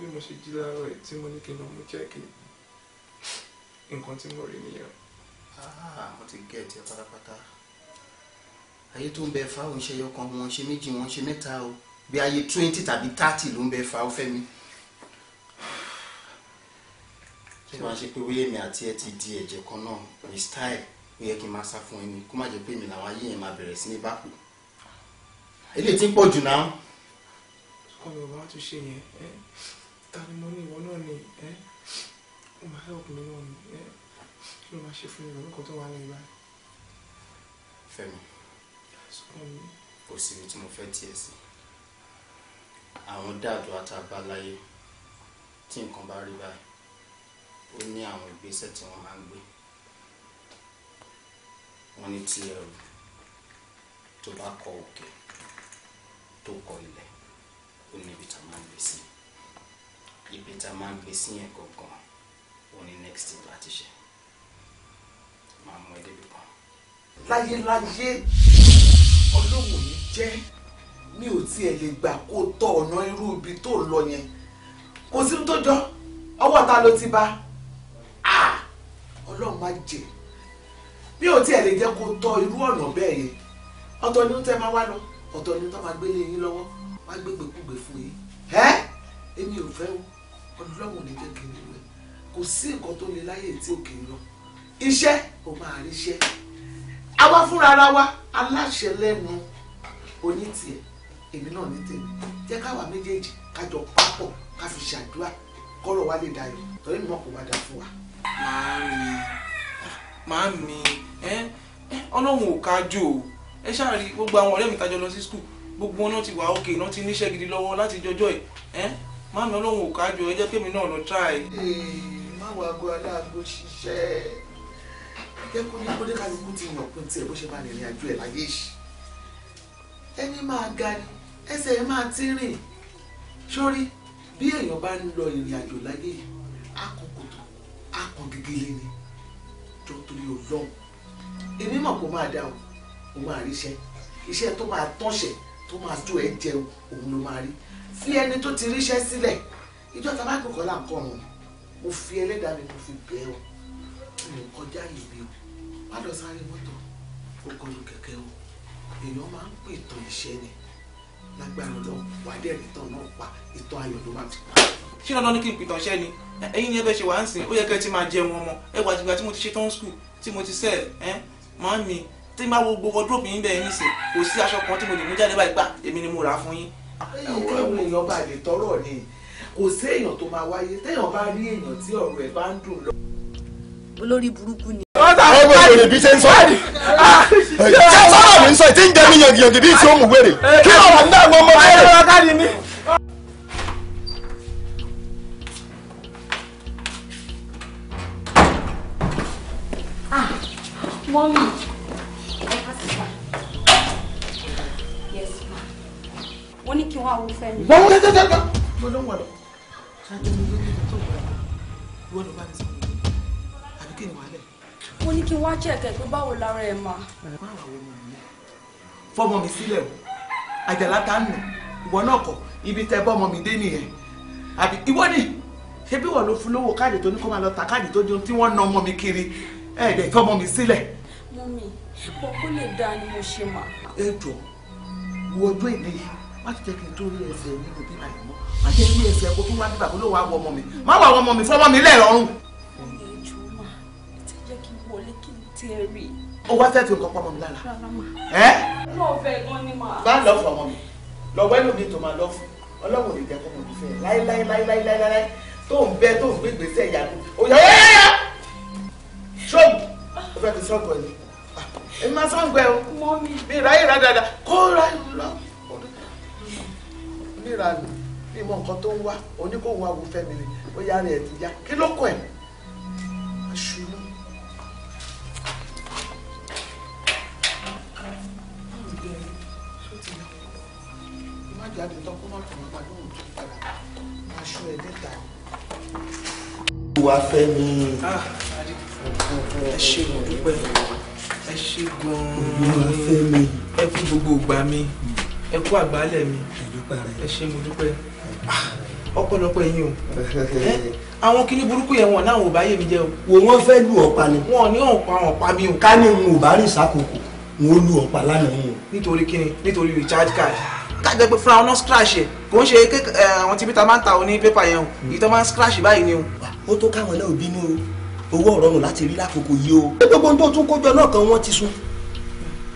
bí mo ṣe jí láàárọ̀ ẹ̀ tí mo ní kí n lọ mú chẹ́ẹ̀kì nǹkan tí mo rí nìyẹn. mo ti gẹ̀ ẹ́ tiẹ̀ pátápátá ayé tó ń bẹ fáwọn ìṣẹ́yọ kan wọn ṣe méjì wọn ṣe mẹ́ta o bí ayé twenty tàbí thirty ló ń bẹ fáwọn fẹ́mi. tí wọ́n ṣe pé wíyé àti ẹ ti di ẹ̀jẹ̀ kan náà ní style ó yẹ kí n máa sá fún ẹni kó má jẹ́ pé mi làwọn ayé yẹn máa bẹ̀rẹ̀ sí ní bákù ilé tí ń pọ̀ jù náà. ọkọ mi ò bá tún ṣe yẹn ẹ ta ni mo ní ìwọ náà ni ẹ ó máa help mi náà ni ẹ kí ló máa ṣe fún mi lórúkọ tó wà lẹ́yìn báyìí. Fẹ́mi kò sí ibi tí mo fẹ́ tiẹ̀ sí àwọn dáàdù àtàbáláyé tí nǹkan bá rí báyìí ó ní àwọn ìgbésẹ̀ tí wọ́n máa gbé wọ́n ní tí ẹrù tó bá kọ òkè tó kọ ilẹ̀ ó ní ibi tá a máa gbé sí ibi tá a máa gbé sí yẹn gangan ó ní next thing láti ṣe máa mú ẹ débi láyéláyé ọlọ́wọ́ yìí jẹ́ mi ò tiẹ̀ lè gbà kó tọ̀ ọ̀nà irú ibi tó lọ yẹn kò sí tó jọ ọwọ́ ta ló ti bá ọlọ́run má jẹ́ bí o tiẹ̀ lè jẹ́ kó tọ irú ọ̀nà bẹ́ẹ̀ yẹn ọ̀tọ̀ ni ó tẹ́ máa wá lọ ọ̀tọ̀ ni ó tọ́ máa gbélé yín lọ́wọ́ wá gbégbékúgbé fún yín ẹ́ èmi ò fẹ́ o ọlọ́run ní jẹ́ kí n lè kò sí nǹkan tó le láyé tí ò kì í lọ iṣẹ́ ò máa rí iṣẹ́ àwa fúnra ara wa aláṣẹ lẹ́nu oní tiẹ̀ èmi náà ní tèmi jẹ́ káwa méjèèjì kájọ pápọ̀ ká fi ṣàdúrà kọ́rọ̀ wa lè dayọ̀ torí mi mọ̀ wá dá fún wa màámi màámi ọlọ́run ò kájò ẹ ṣáà rí gbogbo àwọn ọ̀rẹ́ mi tajọ lọ sí skul gbogbo wọn náà ti wà òkè náà ti níṣẹ́ gidi lọ́wọ́ láti jọjọ́ ẹ̀ màámi ọlọ́run ò kájò ẹ jẹ́ kémi náà lọ try. má wàá gbọ́ aláàgbò ṣiṣẹ́ jẹ́ kó ní kódé kálukú ti yàn pé tiẹ̀ bó ṣe bá rìnrìn àjò ẹ̀ láyé yìí ẹni máa ga ni ẹsẹ̀ ẹ máa ti rìn sórí bí èèyàn bá ń lọ ìrìn àjò láyé a kò gégélé ni jọ torí Ọlọ́run èmi mọ̀ kó máa dáhùn ó máa ríṣẹ́ iṣẹ́ tó máa tọ́ṣẹ̀ tó máa tó ẹ̀ jẹun òun ló máa rí fi ẹni tó ti ríṣẹ́ sílẹ̀ ìjọ ta bá kọ̀kọ́ là mo fi ẹlẹ́dàá mi mo fi bẹ̀ ọ́ mo kọjá ìbí o má lọ sáré mọ́tò ó kọlu kẹ̀kẹ́ o èèyàn máa ń pètò ìṣẹ́ ni lágbára Ọlọ́run wà á dẹ̀rẹ̀ ìtàn náà pa ìtàn ayọ̀ ló máa ti pa. ṣé lọ́dọ́ ní kí n pìtàn ṣẹ́ ni ẹ̀yin ni ẹ bẹ́ẹ̀ ṣe wà ń sìn ó yẹ kẹ́ ẹ ti máa jẹun ọmọ ẹ wà jìgbà tí mo ti ṣe tán skul tí mo ti sẹ́ ẹ máa mi tí n bá wo gbogbo wardrobe yín bẹ́ẹ̀ yín sìn kò sí aṣọ kan tí mo lè mú jáde báyìí gbà èmi ni mo rà fún yín. ẹ̀yin èèyàn bá lè tọrọ ni kò sí èèyàn tó máa wáyé ṣé sọ́dọ̀ mi ń sọ ìtí ń jẹ mí yangiyangi bí tí ó mú wèrè kí ọ̀rọ̀ ń dàgbọ́ ọmọ wèrè. Mommy. Yes, ma. Wọ́n ní kí wọ́n àwọn fẹ́ mi. Bọ́wọ́ lẹ́tẹ̀tẹ̀ kan. Bọ́lá ń wà lọ. Ṣáájú mi ló ní ìlú tó wà lọ. Ìwọ ló bá ti sọ mo ní kí n wá chẹ̀kẹ̀ pé báwo lára ẹ̀ máa. fọmọ mi sílẹ̀ o àjàlá ta nù ìwọ náà kọ ibi tẹ bọ́mọ mi dé nìyẹn àbí ìwọ ni ṣé bí wọ́n ló fún lówó káàdì tó ní kó máa lọ ta káàdì tó jẹun tí wọ́n na ọmọ mi kiri ẹ̀ẹ́dẹ̀ fọmọ mi sílẹ̀. mọ́mí bọ́ kó lè dáa ni mo ṣe mà. ẹ jọ wo ọjọ́ ìlé yìí má ti jẹ́ kí n tó rí ẹsẹ̀ mi lò bí àyẹ̀mọ́ má jẹ́ rí ẹsẹ̀ kó tún wá nígbà kó ló wá wọ ọmọ mi má wà wọ ọmọ mi fọmọ mi lẹ́ẹ̀rọ̀rùn. Oh, ẹ rí. you come fẹ́ fi nǹkan pamọ́ mi lára. ẹ́. náà fẹ́ gan ni mà. bá lọ fún ọmọ mi lọ wẹ́lò mi tó máa lọ fún lie, lie, lie, lie, lie? fẹ́ láíláíláíláíláí tó ń bẹ tó ń gbé gbèsè ìyàgbé òyà yáyáyá ṣọ́ọ̀bù ó fẹ́ fi ṣọ́ọ̀bù ẹ̀ ní. èmi máa sọ́ǹgbẹ́ o mi ra ìra right kó ra right. níra mi bí mọ nǹkan cotton. ń wá oníkóhùn awùfẹ́ mi ni ó yára ẹ̀ ti yá kí ló kọ jáde tán kó má tàn án padà lóhùn tó padà máa ṣó ẹ mi. Ah, ẹ ṣe mo dúpẹ́ ẹ ṣe gan-an. wàá ah, o (laughs) àwọn kinní burúkú yẹn wọn náà wò yé mi jẹ o. wọn fẹ́ lu ọ̀pá ni. wọn ní ọ̀pá ọ̀pá mi o. ká ní n ò bá rìn sákòókò n ò lu ọ̀pá lánàá o. nítorí kíni nítorí recharge card tájọ pé fúnra wọn náà scratch ẹ kò ń ṣe àwọn tíbi ta máa ń ta oní pépà yẹn o èyí tó máa ń scratch báyìí ni o. ó tó káwọn náà bínú o owó ọ̀rọ̀ nù láti rí lákòókò yìí o. gbogbo ohun tó tún kójọ náà kan wọ́n ti sun.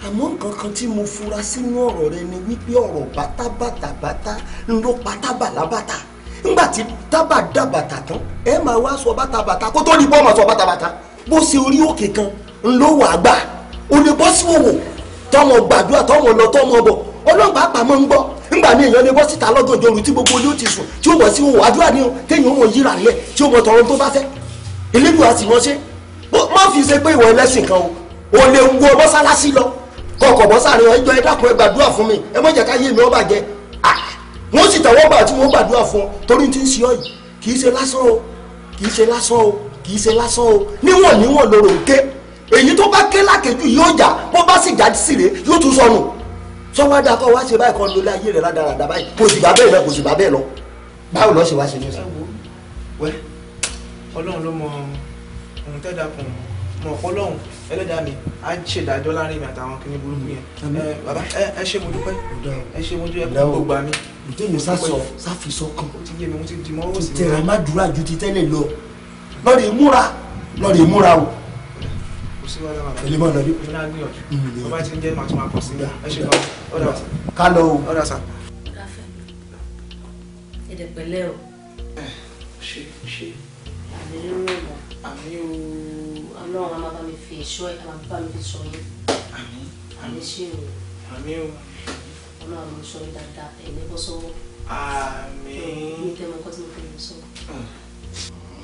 àmọ́ nǹkan kan tí mo fura sínú ọ̀rọ̀ rẹ ni wípé ọ̀rọ̀ bátábàtàbátá ń lọ pátábàlábàtà ńgbà tí tábà dàbàtà tán ẹ máa wá sọ bàtàbàtà kó tó ní bọ́ọ̀ máa sọ bàtàbàtà bó ṣe orí òkè kan ńlọ́wọ́ àgbà ò lè bọ́ sí òwò tọ́mọ gbàdúrà tọ́mọ ọlọ́gbà àpamọ́ ń gbọ́ ńgbà ní èèyàn lè bọ́ síta lọ́gànjọ́ òru tí gbogbo yóò ti sùn tí ó bọ̀ sí òwò àdúrà ní téèyàn ó yíra rẹ tí ó mọ tọrọ tó bá fẹ́ ìlébù àti ìránṣẹ́ má fi ṣe pé ìwọ ẹlẹ́sìn kan o ò lè wo mọ́sálásí lọ kọkọ̀ bọ́ sáré ẹjọ́ ẹ dákun ẹ gbàdúrà fún mi ẹ má ká yé mi ó bàjẹ́ wọ́n sì tẹ̀wọ́ gbà tí wọ́n gbàdúrà fún ọ torí ti ń ṣe ọ yìí kì ṣe lásán o kì ṣe lásán o kì í ṣe ń ké èyí tó bá ké lákèjú yóò jà bó bá sì jáde sí rèé yóò tún sọnù sọ́wọ́n adakọ̀ wá ṣe báyìí kan ló láyé rẹ̀ rádaràdà báyìí kò sì bá bẹ́ẹ̀ lọ kò sì bá bẹ́ẹ̀ lọ báwo lọ́ ṣe wá ṣe ní ọ̀sán. wẹ́ ọlọ́run ló mọ ohun tẹ́ dàkùn mọ̀ ọlọ́run ẹlẹ́dàá mi á ṣèdájọ́ láàrin mi àtàwọn kìnnì burúkú yẹn bàbá ẹ ṣe mo dúpẹ́ ẹ ṣe mo dúpẹ́ kó tó gbà mí. ìdéyìn sásọ sáfisọ kan ó ti yé mi ó ti di mọ́ ó sì. tẹ̀rẹ̀ má dúrà ju ti tẹ́lẹ̀ lọ lọ́ọ̀rì múra lọ́ọ̀rì múra o èlé mọ̀ mi fi èso àmì ṣe o. àmì o. ọlọ́run a máa sọ yín dáadáa ẹ̀ bọ́ sọ́wọ́. àmì. mi kẹ́ mọ nǹkan tí mo fi lè sọ.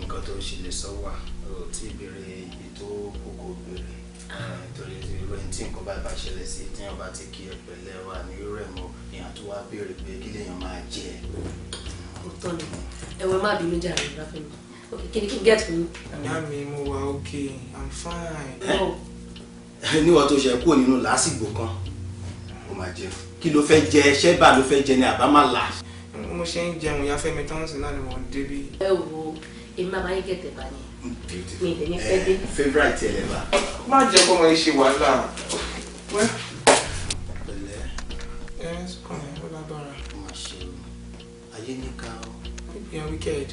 nǹkan tó ṣe lè sọ wà ó ti bèrè tó kókó bèrè ah. nítorí irú ẹni tí nǹkan báyìí bá ṣẹlẹ̀ sí tí èèyàn bá ti kí ẹ̀pẹ̀lẹ́ wa ní irú ẹ̀ èèyàn tó wá béèrè pé kí lèèyàn máa jẹ. òótọ́ ni ẹ̀wọ̀n má bínú jàre ráfẹ́mi ok kí ni kí n get fún mi mo wà okay i'm fine. Oh. (laughs) níwọ̀n tó ṣe kúrò nínú làásìgbò kan ó máa jẹ kí ló fẹ́ jẹ ṣẹ́bà ló fẹ́ jẹ ni àbámàlà. mo ṣe ń jẹun ìyá Fẹ́mi tán sí náà ni mo ń débí. ẹ wo èmi Favorite ìdẹ̀yẹ fẹ́ dé. favourite ẹ̀ lẹ́bàá. má jẹ́ kó máa ṣe wàhálà. pẹ̀lẹ́. ẹ ẹ sọkàn ẹ ó lágbára. ó máa ṣe o ayé níka o. pípẹ́ wicked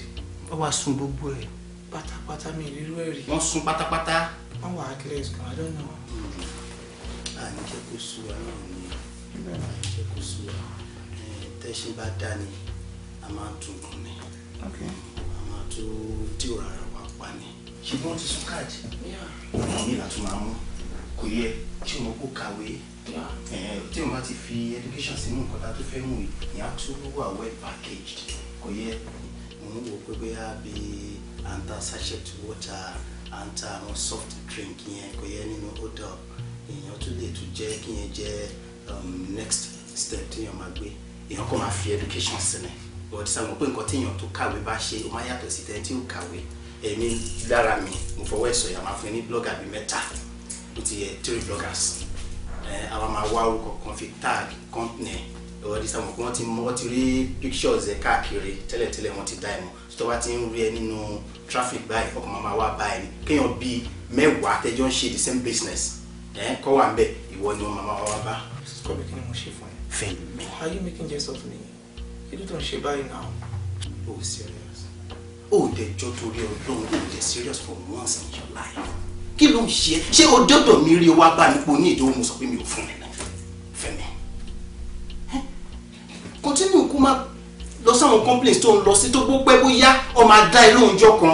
wọ́n wá sun gbogbo ẹ̀ pátápátá mi ìrírú ẹ̀ wọ́n sun pátápátá. wọ́n wà á kílẹ̀ ìsìnkú I don't jẹ́ kó sùn wa náà ni àní jẹ́ kó sùn wa tẹ́sí bá dá ni a máa tún kún ni a máa tún dìrò ara ṣùgbọ́n wọ́n ti sún káàdì ọmọ mi là tún máa mú kò yẹ tí wọn kó kàwé tí wọn bá ti fi education sínú nǹkan tá a tó fẹ́ mú yìí ìyá tó wà well packaged kò yẹ mo ń wò pé bóyá bí à sachet water à àwọn soft drink yẹn kò yẹ nínú odor èèyàn tún lè tún jẹ́ kí yẹn jẹ́ um, next step tí èèyàn máa gbé èèyàn kò máa fi education sílẹ̀ wọ́n ti sáwọn pé nǹkan tí èèyàn tó kàwé bá ṣe ó máa yàtọ̀ sí tẹ́ni tí ó kàwé èmi lára mi mo fọwọ́ ẹ̀sọ̀ yà máa fún ní blogger bíi mẹ́ta tó ti yẹ three bloggers àwa máa wá orúkọ kan fi tag company ìwọ di sáwọn wọn ti wọn ti rí pictures ẹ káàkiri tẹ́lẹ̀tẹ́lẹ̀ wọn ti dá ẹ mọ̀ tó bá ti ń rí ẹ nínú traffic báyìí ọkọ̀ máa máa wá bá ẹ ní kéèyàn bíi mẹ́wàá tẹ́jọ́ ń ṣe the same business kọ́ wà ń bẹ̀ ìwọ ni wọn máa máa wá bá. kọ́bẹ̀ kí ni mo ṣe fún ẹ. fẹ́mi. are you making jest me? kí ló tó ń ṣe báyìí náà. o ò sí ọ ó dẹjọ́ torí ọlọ́run ó dẹ serious for once in your life kí ló ń ṣe ṣé o dọ́dọ̀ mi rí wá bá nípo ní ìdánwò mo sọ pé mi ò fún ẹ náà fẹ́mi continue kó máa lọ sáwọn complaints tó ń lọ sí tó gbó pẹ́ bóyá ọmọ adá ẹ lóúnjọ kan.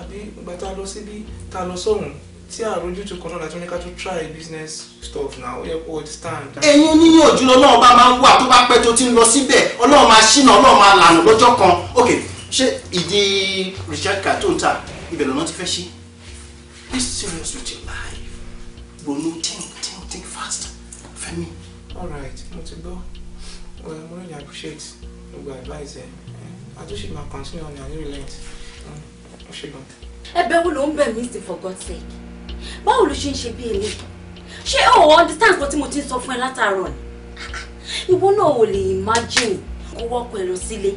àbí ìgbà tá a lọ síbí tá a lọ sọ́hùn tí àròjútu kan náà la tún ní ká tún try business stuff now ó yẹ kó understand. ẹ̀yin oníyànjú lọ́wọ́ bá máa ń wà tó bá pẹ́ tó ti ń lọ síbẹ̀ ọlọ́run máa ṣínà ọlọ́run máa lànà lọ́jọ́ kan ok ṣé ìdí richard car tó ń ta ibẹ̀ lọ́nà ti fẹ́ ṣí be serious with your life ronú think think think fast fẹ́mi. all right mo ti gbọ́ well mo really appreciate gbogbo advice ẹ àtúnṣe máa continue on your new length. Mm, ẹ bẹ̀ wo ló ń bẹ̀ mí sí for God's sake báwo ló ṣe ń ṣe bí ele ṣé o ò understand nǹkan tí mo ti ń sọ fún ẹ látàárọ̀ ni ìwọ náà ò lè imagine kó wọ́pọ̀ ẹ lọ sílé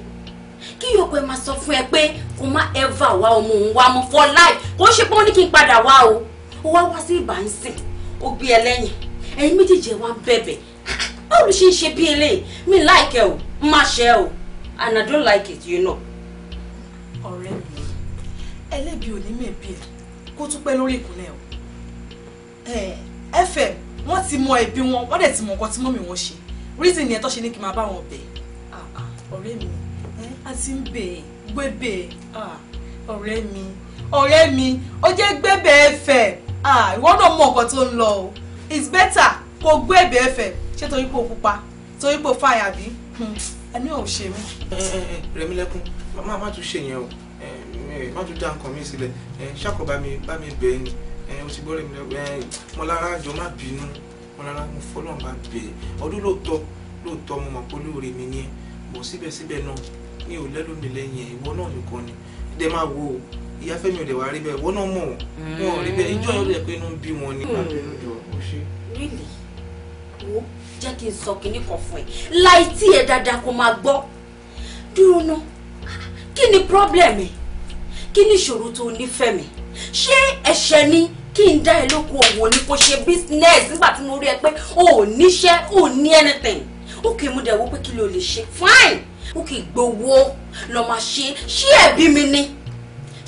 kí yòókù ẹ máa sọ fún ẹ pé kó má ever wá ọmọ òun wá mọ́ for life kó ṣe pé ó ní kí n padà wá o ó wá wá sí ìbánsìn ó gbé ẹ lẹ́yìn ẹ̀yin méjèèjì ẹ wá ń bẹ̀bẹ̀ báwo ló ṣe ń ṣe bí eléyìí mi like ẹ o má ṣe o and I don't like it you know. ọ̀rẹ́ mi ẹlẹ́bi ò ní mẹ̀bi ẹ̀ kó tún pẹ́ lórí ìkúnlẹ̀ o Eh, fm wọ́n ti mọ ẹbí wọn wọ́n dẹ̀ ti mọ nǹkan tí mọ́mì wọn ṣe reason yẹn tó ṣe ní kí n máa bá wọn bẹ̀ ah, ah, ọ̀rẹ́ mi eh, a ti ń bẹ̀ gbẹ́bẹ̀ ah, ọ̀rẹ́ mi ọ̀rẹ́ mi ó jẹ́ gbẹ́bẹ̀ ẹ̀fẹ̀ ìwọ náà mọ nǹkan tó ń lọ o it's better kó gbẹ́bẹ̀ ẹ̀fẹ̀ ṣé torí pé o pupa torí pé o fàyà bí ẹni ò ṣe mí. Eh, Rẹ̀mílẹ́kún má má tún ṣèyẹn o má tún dá nǹkan mi sílẹ̀ ṣàkóbá mi bá ó sì gbọ́rẹ̀ mi lọ mọ lára àjọ má bínú mọ lára mo fọlọ́n bá bẹ̀ ọdún lóòótọ́ lóòótọ́ mo mọ̀ pé olóore mi ni ẹ bọ̀ síbẹ̀síbẹ̀ náà mi ò lẹ́lòmí lẹ́yìn ẹ̀ ìwọ náà nìkan ni dẹ̀ máa wo ìyá Fẹ́mi ò dẹ̀ wá rí bẹ́ẹ̀ ìwọ náà mọ̀ wọn ò rí bẹ́ẹ̀ ìjọ yẹn ó lè pé inú bí wọn ni. Hmm. really wo jẹ́ kí n sọ kinní kan fún ẹ láì tí ẹ dáadáa kó máa gbọ́ dúró ná kí ni problem ẹ kí ni ìṣòro ṣé ẹ̀ṣẹ̀ ni kí n dá ẹ lókun òwò ni kò ṣe business nígbà tí mo rí ẹ pé o ò níṣẹ́ o ò ní anything ok mo dẹ̀ wò pé kí ló lè ṣe fine ok gbowó lọ máa ṣe ṣé ẹ̀bí mi ni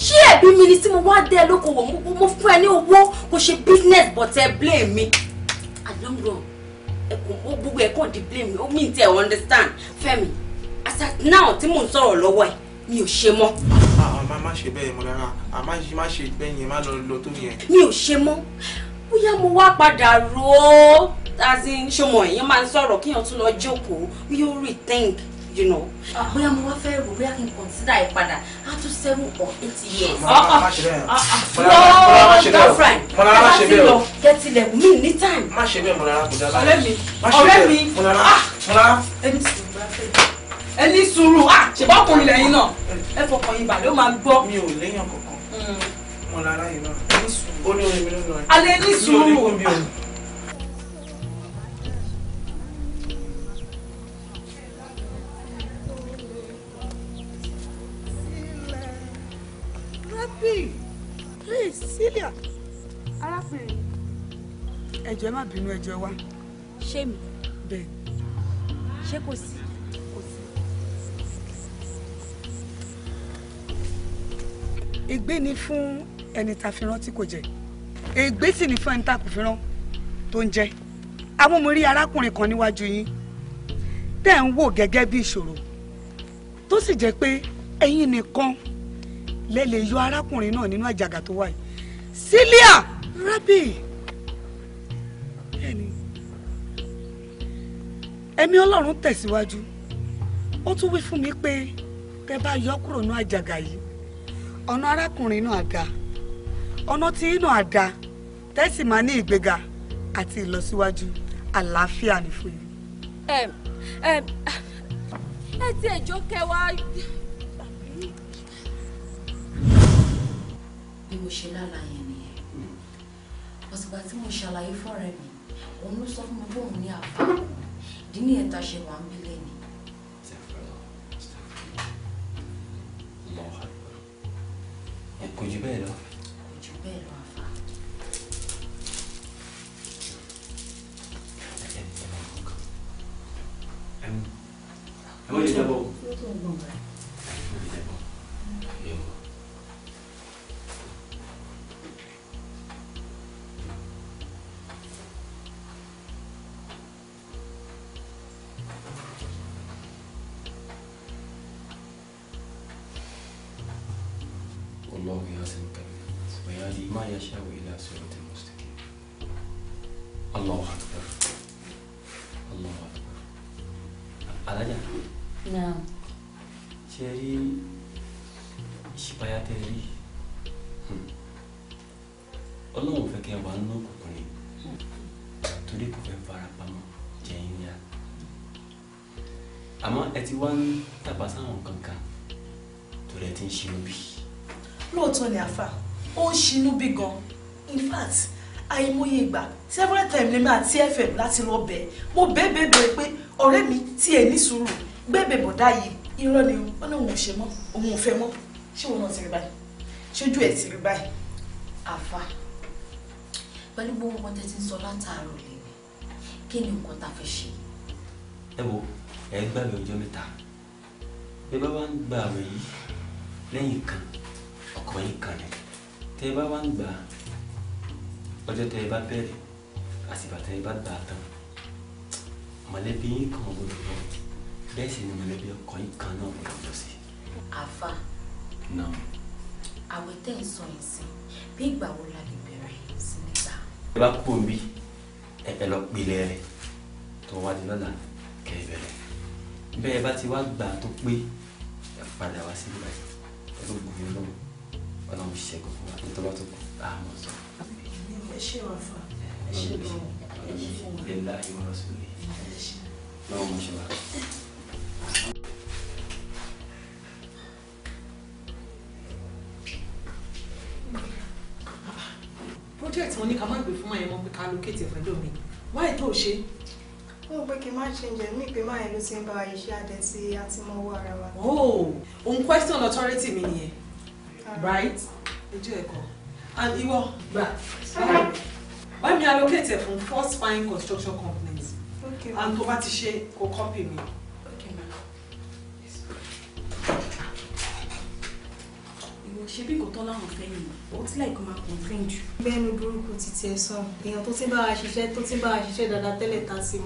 ṣé ẹ̀bí mi ni tí mo wá dá ẹ lókun òwò mo fún ẹ ní owó kò ṣe business but ẹ blame mi àdánwò ẹkùn ó gbogbo ẹkọ di blame mi ó mi ti understand Fẹ́mi as at now tí mò ń sọ̀rọ̀ lọ́wọ́ ẹ mi ò ṣe mọ́. àmọ́ ah, ah, má ṣe bẹ́ẹ̀ mọ́ rárá àmọ́ ah, má ṣe bẹ́ẹ̀ yẹn má lọ lọ tó yẹn. mi ò ṣe mọ́ bóyá mo wá padà rò ó àti ṣọmọ èèyàn máa ń sọ̀rọ̀ kíyàn tún lọ jókòó bóyá ó rethink you know. bóyá mo wá fẹ́ rò bóyá kí n consider ìpadà á tún seven or eight years. mọ̀lára má ṣe bẹ́ẹ̀ mọ̀lára má ṣe girlfriend mọ̀lára má ṣe bẹ́ẹ̀ o gẹ́tìlẹ̀ mi ní time. má ṣe bẹ́ẹ̀ mọ̀lára kò dára ọ̀rẹ́ mi ọ̀rẹ́ mi mọ̀lára mọ̀lára. ẹni tí mo bá fẹ́ ẹ ní sùúrù à ah, ṣèbọ́kùnrin lẹ́yìn náà ẹ fọkàn yín balẹ̀ ó máa gbọ́. mi ò léyàn kankan hmm. mo lára yìí náà ẹ ní sùúrù ó ní orin mi nínú ẹ. alẹ́ ní sùúrù Happy. Hey, Celia. Arábìnrin. Ẹ̀jọ̀ ẹ má bínú Ṣé mi? Bẹ́ẹ̀. Ṣé kò sí? ègbé ni fún ẹni tá a fi rán tí kò jẹ ègbé sì ni fún ẹni tá a kò fi rán tó ń jẹ amúmúrí arákùnrin kan níwájú yín tẹ́ ń wò gẹ́gẹ́ bí ìṣòro tó sì jẹ́ pé ẹ̀yin nìkan lẹ lè yọ arákùnrin náà nínú àjàgà tó wà yìí Celia rabi ẹni ẹ̀mí Ọlọ́run tẹ̀síwájú ó tún wí fún mi pé tẹ́ bá yọ kúrò nínú àjàgà yìí ọ̀nà arákùnrin náà àga ọ̀nà tí náà àga tẹ́sí máa ní ìgbéga àti ìlọsíwájú àlàáfíà ní fún yín. ẹ ẹ ẹ ti ẹjọ kẹwàá. bí mo ṣe lálàyé nìyẹn ọ̀sìgbà tí mo ṣàlàyé fọ́ọ̀rẹ́ mi òun ló sọ fún mi bóun ní àfáà dín ní ẹ̀ta ṣe wà ń bilẹ̀ ẹ kò jù bẹ́ẹ̀ lọ. kò jù bẹ́ẹ̀ lọ àfa. ẹ mọ̀ ẹ dábọ̀. ما يشاء إلى صراط مستقيم الله أكبر الله أكبر alájà. naam. ṣe rí ìṣípayá tẹ rí ọlọ́run fẹ́ kí ẹ wà nínú òkùnkùn ni torí kò fẹ́ fara pamọ́ jẹ́yìn ní a. àmọ́ ẹ ti wá ń tàpá sáwọn kankan torí ẹ ti ń ṣe obì. lóòótọ́ ni àáfàá ó ń ṣinú bí gan in fact àìmọye ìgbà several times lèmi àti fm láti lọ bẹ̀ mo bẹ́ẹ̀ bẹ́ẹ̀ bẹ́ẹ̀ pé ọ̀rẹ́ mi tí ẹ̀ ní sùúrù gbẹ́bẹ̀ bọ̀dá yìí irọ́ ni ó ní òun ò ṣe mọ́ òun ò fẹ́ mọ́ ṣé òun náà ti rí báyìí ṣojú ẹ̀ ti rí báyìí àfa pẹ̀lú gbogbo nǹkan tẹ́ ti ń sọ látàárọ̀ lè ní kí ni nǹkan tá a fẹ́ ṣe. ẹ wo ẹ gbà mí ọjọ́ mẹ́ta bí bá bá ń gbà wẹ̀ lẹ́yìn kan ọkọ̀ yìí kan ni tẹ ẹ bá wá ń gbà á ọjọ́ tẹ ẹ bá bẹ̀rẹ̀ àsìgbà tẹ ẹ bá gbà á tán mọ̀lẹ́bí yín kan gbọdọ̀ lọ bẹ́ẹ̀ sì ni mọ̀lẹ́bí ọkọ yín kan náà gbọdọ̀ lọ sí. àfa. náà. àwẹ̀ tẹ̀ ń sọ yìí sí bí ìgbà wo la lè bẹ̀rẹ̀ sí nígbà. ẹ bá kú òun bí ẹ lọ pilẹ̀ rẹ̀ tó wá di lọ́la kẹ́ ẹ bẹ̀rẹ̀ bẹ́ẹ̀ bá ti wá gbà tó pé ẹ padà wá sí ìgbà yìí ọlọ́gbọ̀n yín lọ́wọ́ ọlọ́run ṣẹ́gun tó bá tó kù á ah, mọ̀ sọ. ẹ ṣe wà fà ẹ ṣe lọ ẹ ṣe fún wa. ilé ayé wọn lọ sí ilé lọ́wọ́ mo ṣe wà. project wọn ní ká má gbé fún ẹ mọ pé ká lókètì ẹ̀fẹ́ lómi wáyé tó ṣe mo pé kí n má ṣe ǹjẹ́ mí pé máa ló ti ń bá wa iṣẹ́ a ti mọ owó oh òun question authority mi nìyẹn right ojú ẹ̀kọ́ and ìwọ gbà Why me allocate from first fine construction companies okay, and tó bá ti ṣe kó copy mi. ìwọ ṣe bí kò tọ́ láwọn fẹ́ yìí ó ti láìkọ́ máa complain jù. bẹ́ẹ̀ ni burúkú ti tiẹ̀ sọ èèyàn tó ti bá wa ṣiṣẹ́ tó ti bá wa ṣiṣẹ́ dáadáa tẹ́lẹ̀ tá a sì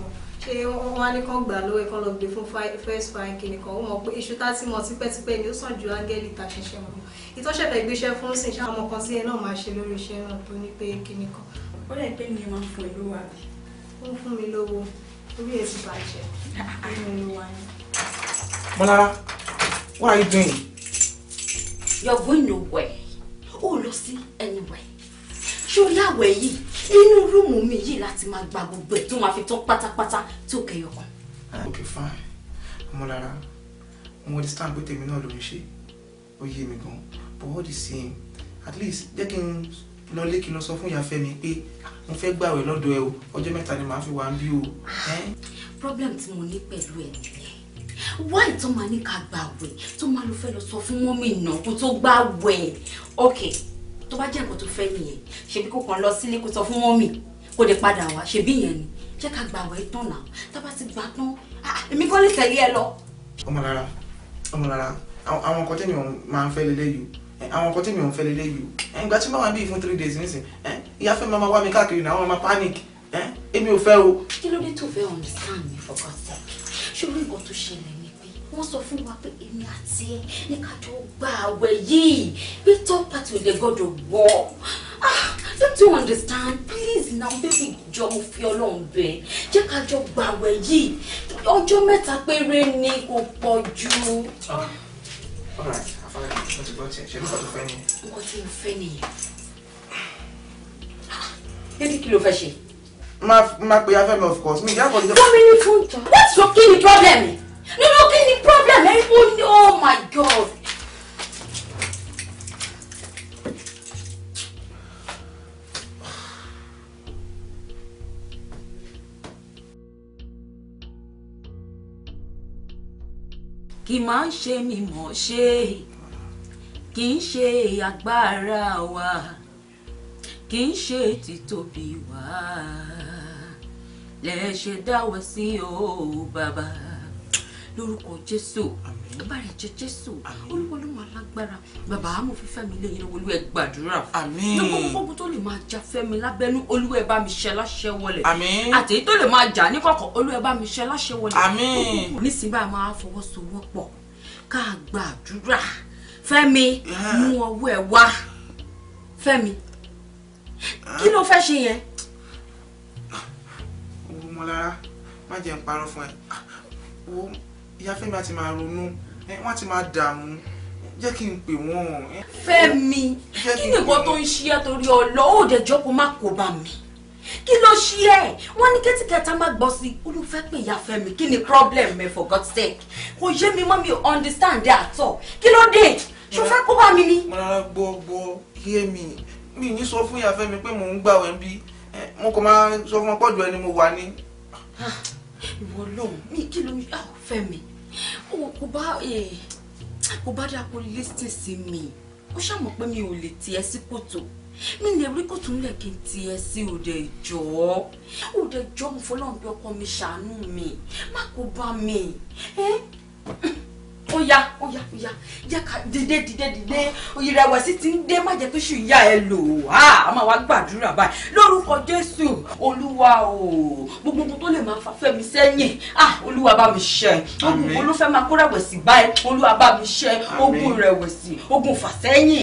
ṣé wọ́n ní kán gbà lọ́wọ́ ẹ̀kan lọ fún first fine kìnì kan ó mọ̀ pé iṣu tá ti mọ̀ tipẹ́tipẹ́ ni ó sàn ju áńgẹ́lì ta ṣẹ̀ṣẹ̀ mọ̀ ìtọ́ṣẹ̀ gbéṣẹ́ fún sìn ṣáà ọmọ kan sí ẹ náà máa ṣe lórí iṣẹ́ náà tó ní pé kìnì kan. ó lè pé mi máa fún ìlú wa bí. ó ń fún mi lówó orí èsì bàjẹ́ nínú ìlú wa ni. Mọ́lára, what are you doing? You're going nowhere. ó lọ sí anywhere. ṣé o láwẹ̀ yìí? inú rúùmù mi yìí láti máa gba gbogbo ẹ̀ tó máa fi tán pátápátá tó kẹyọ kan. Ah, ok fine ọmọlára mo understand pé tèmi náà ló ń ṣe ó yé mi gan but all the same at least jẹ́ kí n lọ lé kí n lọ sọ fún ìyá Fẹ́mi pé ah, mo fẹ́ gbàwẹ̀ lọ́dọ̀ ẹ o ọjọ́ mẹ́ta ni màá fi wà ń bí o. problem tí mo ní pẹ̀lú ẹ̀ nìyẹn wáì tó máa ní ká gbàwẹ̀ tó máa lọ fẹ́ lọ sọ fún mọ́mì náà kó tó gbàwẹ̀ okay tó bá jẹ́ nǹkan tó fẹ́ nìyẹn ṣebí kò kàn lọ sílé kó sọ fún mọ́mì kó dé padà wá ṣebí yẹn ni jẹ́ ká gba àwẹ̀ tán náà tá bá ti gbà tán èmi kọ́ lè tẹ̀lé ẹ lọ. ọmọlára ọmọlára àwọn nǹkan tẹ́ni wọn máa ń fẹ́ lélẹ́ yìí àwọn nǹkan tẹ́ni wọn ń fẹ́ lélẹ́ yìí ìgbà tí màmá bíi fún three days nísìn ìyá fẹ́ máa wá mi káàkiri náà wọ́n máa panic èmi ò fẹ́ o. kí ló dé wọ́n sọ fún wa pé èmi àti ẹ ní ká jọ gba àwẹ̀ yìí pé top party ò lè gbọ́dọ̀ gbọ́ ah don't you understand please now baby jọ mo fi ọlọ́run bẹ̀ jẹ́ ká jọ gba àwẹ̀ yìí ọjọ́ mẹ́ta péré ni kò pọ̀ jù. Ah, mo ti fẹ́ nìyẹn. Ah, kí ló fẹ́ ṣe? Máa pe afẹ́mi of course. Mi ìyá kan ní. mi ní fún. What's your kí problem? no no kí ni problem everyone oh my god. kì máa ń ṣe mímọ̀ ṣe kì í ṣe agbára wa kì í ṣe títóbi wa lè ṣe dáwọ́ sí o oh bàbá lórúkọ jésù bá jẹ jésù olúwa ló máa lágbára bàbá àmọ́ fífẹ́ mi lè yẹn olúwa gbàdúrà lọ́wọ́ gbogbo tó lè máa ja fẹ́mi lábẹ́nú olúwa ẹ bá mi ṣe láṣẹ wọlé àtẹ̀yí tó lè máa jà níkọ̀kọ̀ olúwa bá mi ṣe láṣẹ wọlé gbogbo nísìnyí báyìí máa fọwọ́sowọ́pọ̀ ká gbàdúrà fẹ́mi mú ọwọ́ ẹ wá fẹ́mi kí ló fẹ́ ṣe yẹn. Ah, wo mo má jẹ́ ń parọ́ fún ẹ ah, wo ìyá Fẹ́mi àti máa ronú wọ́n á ti máa dààmú jẹ́ kí n pè wọ́n. Fẹ́mi kí ni nǹkan tó ń ṣí ẹ torí ọlọ ó dẹ kó má kó bá mi kí ló ṣí ẹ wọ́n ní kẹtìkẹta má gbọ́ sí olùfẹ́ pé ìyá Fẹ́mi kí ni problem mi for God's sake kò yé mi mọ́ mi understand at all kí ló dé ṣo kó bá mi ni. mo rárá gbọ́ gbọ́ yé mi mi ní sọ fún ìyá Fẹ́mi pé mò ń gbà wẹ́ bí mo kò máa sọ fún ọ pọ̀jù ẹni mo wà ní. Ah, ìwọ lóhùn mi kí ló ń ah, fẹ́ mi kò bá kò bá dáa kó listen sí mi ó ṣàmọ̀ pé mi ò lè ti ẹ sí kòtò mi lè rí kòtò ńlẹ̀ kí n ti ẹ sí òde ìjọ́ òde ìjọ́ mo fọlọ́run pé ọkọ mi ṣàánú mi má kó bá mi ó yá ó yá ó yá jẹ́ ká dìde dìde dìde ìrẹ̀wẹ̀sì ti ń dé má jẹ́ kí ṣù yá ẹ lò á a máa wá gbàdúrà báyìí lórúkọ jésù olúwa o gbogbo ohun tó lè máa fa fẹ́mi sẹ́yìn à olúwa bá mi ṣe ogun olúfẹ́ máa kó rẹ̀wẹ̀sì báyìí olúwa bá mi ṣe ogun ìrẹ̀wẹ̀sì ogun fàsẹ́yìn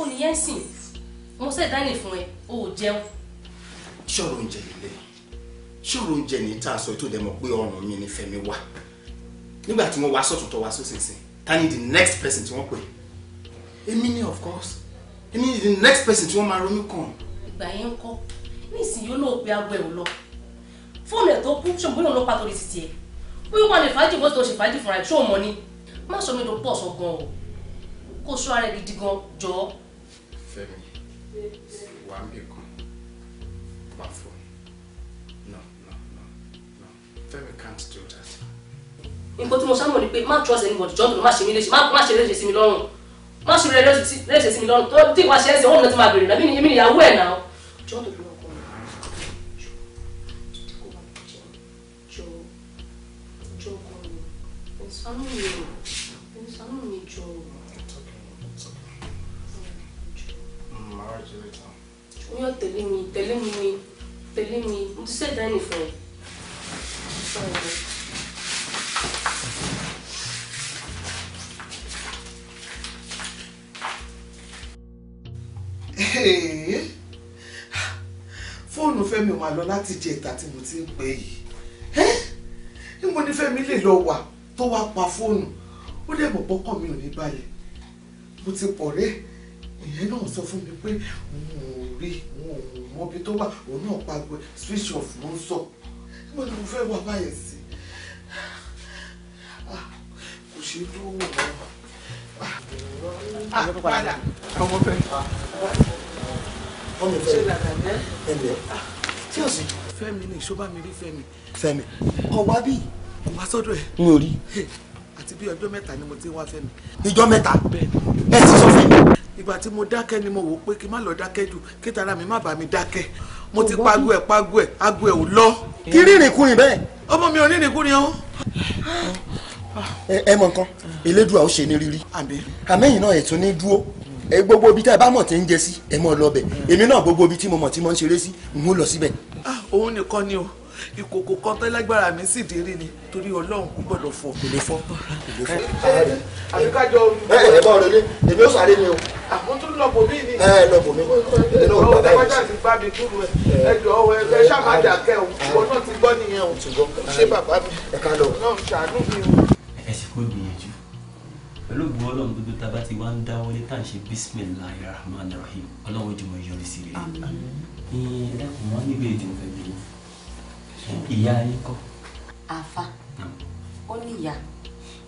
ó ní yẹn sìn mo ṣe ìdáni fún ẹ o ò jẹun. ṣòro oúnjẹ ilé ṣòro oúnjẹ ní tá a sọ ètò ìdẹ́mọ̀ pé ọrùn mi ní Fẹ́mi wà nígbà tí wọ́n wá sọ̀tún tó wá sósìsìn ta ni the next person tí wọ́n pè èmi ni of course èmi ni the next person tí wọ́n máa ronú kàn. ìgbà yẹn ń kọ́ nísìnyí olóògbé agbo ẹ̀ ò lọ fóònù ẹ̀ tó kú ṣùgbọ́n òun ló pa torí títì ẹ̀ wíwọ́n wà lè fàájì wọ́n tó ṣe fàájì fúnra ẹ̀ ṣó mọ́ ni má sọ mi ló pọ̀ sọ gan o kó sọ ara ẹ̀ gidi gan jọ̀ọ́ wà á bì kan wà no no no no Fẹ́mi can't do that. nǹkan tí mo sábà ní pé má trust anybody jọ́ǹtò ló má ṣe mí léṣe má ṣe léṣe sí mi lọ́rùn má ṣe léṣe sí mi lọ́rùn tó tí ìwà ṣe ẹsẹ̀ òun náà ti máa bèrè náà èmi ìyàwó ẹ̀ náà jọ́ǹtò ló Wọ́n yóò tẹ̀lé mi, tẹ̀lé mi ni, tẹ̀lé mi, mo ti ṣẹ̀dá ẹni fún ẹ. Fóònù Fẹ́mi wà lọ láti jẹ ìta tí mo ti ń pè yìí. Níbo ni Fẹ́mi lè lọ wà tó wá pa fóònù? Ó dẹ̀ bọ̀ bọ́kàn mi ò ní balẹ̀. Mo ti pọ̀ rẹ́ ìyẹn náà sọ fún mi pé òun ò rí òun ò mọ ibi tó wà òun náà pagbo switch off ló ń sọ mo ní mo fẹ́ wà báyẹn sí ah, kò ṣe dúró wò mọ́. padà ọmọ fẹ́ ọmọ fẹ́ ẹ lẹ ah, tí o sì. Fẹ́mi ni ìṣó bá mi rí Fẹ́mi. Fẹ́mi kọ wá bí. kò wá sọ́dọ̀ ẹ. mi ò rí. àti bí ọjọ́ mẹ́ta ni mo ti wá Fẹ́mi. ìjọ́ mẹ́ta ẹ ti sọ Fẹ́mi ìgbà tí mo dákẹ́ ni mo wò ó pé kí n má lọ dákẹ́ jù kí tara mi má bà mí dákẹ́ mo ti pago ẹ̀ pago ẹ̀ ago ẹ̀ ò lọ. kí rírìnkùnrin bẹ́ẹ̀. ọmọ mi ò rírìnkùnrin o. ẹ mọ nǹkan elédùà ó ṣe ní rírí àmẹ́yìn náà ẹ̀ tún ní dúró gbogbo ibi tí ẹ bá mọ̀ tí ń jẹ sí ẹ mọ̀ lọ bẹ̀ èmi náà gbogbo ibi tí mo mọ̀ tí mo ń ṣeré sí n ó lọ síbẹ̀. Ah, òun nìkan ni o ìkòkò kan tó lágbára mi sì dérí ni torí ọlọ́run kò gbọ́dọ̀ fọ kò lè fọ. àbíkájọ ẹ ẹ bá ọ̀rẹ́ lé èmi ó sáré ni o. àmọ́ tó lọ bò mí ni. ẹ lọ bò mí. ọwọ́ ọjà ti gbá mi kúrú ẹ ẹ jọ ọwọ́ ẹ ṣàmàjà kẹ o ìwọ náà ti gbọ́ nìyẹn o ṣé bàbá mi náà ṣàánú mi o. ẹ sì kó gbìyànjú pẹ̀lú ògbó ọlọ́run gbogbo tá a bá ti wá ń dá wọlé tá à ń ṣe bismillahir rahmanir rahim ọlọ́run jùmọ̀ yọrí sí rẹ̀ ní ẹ̀dá kò wọ́n níbi èdè òfẹ́ bí ìyá yín kọ́. àfa ó ní ìyá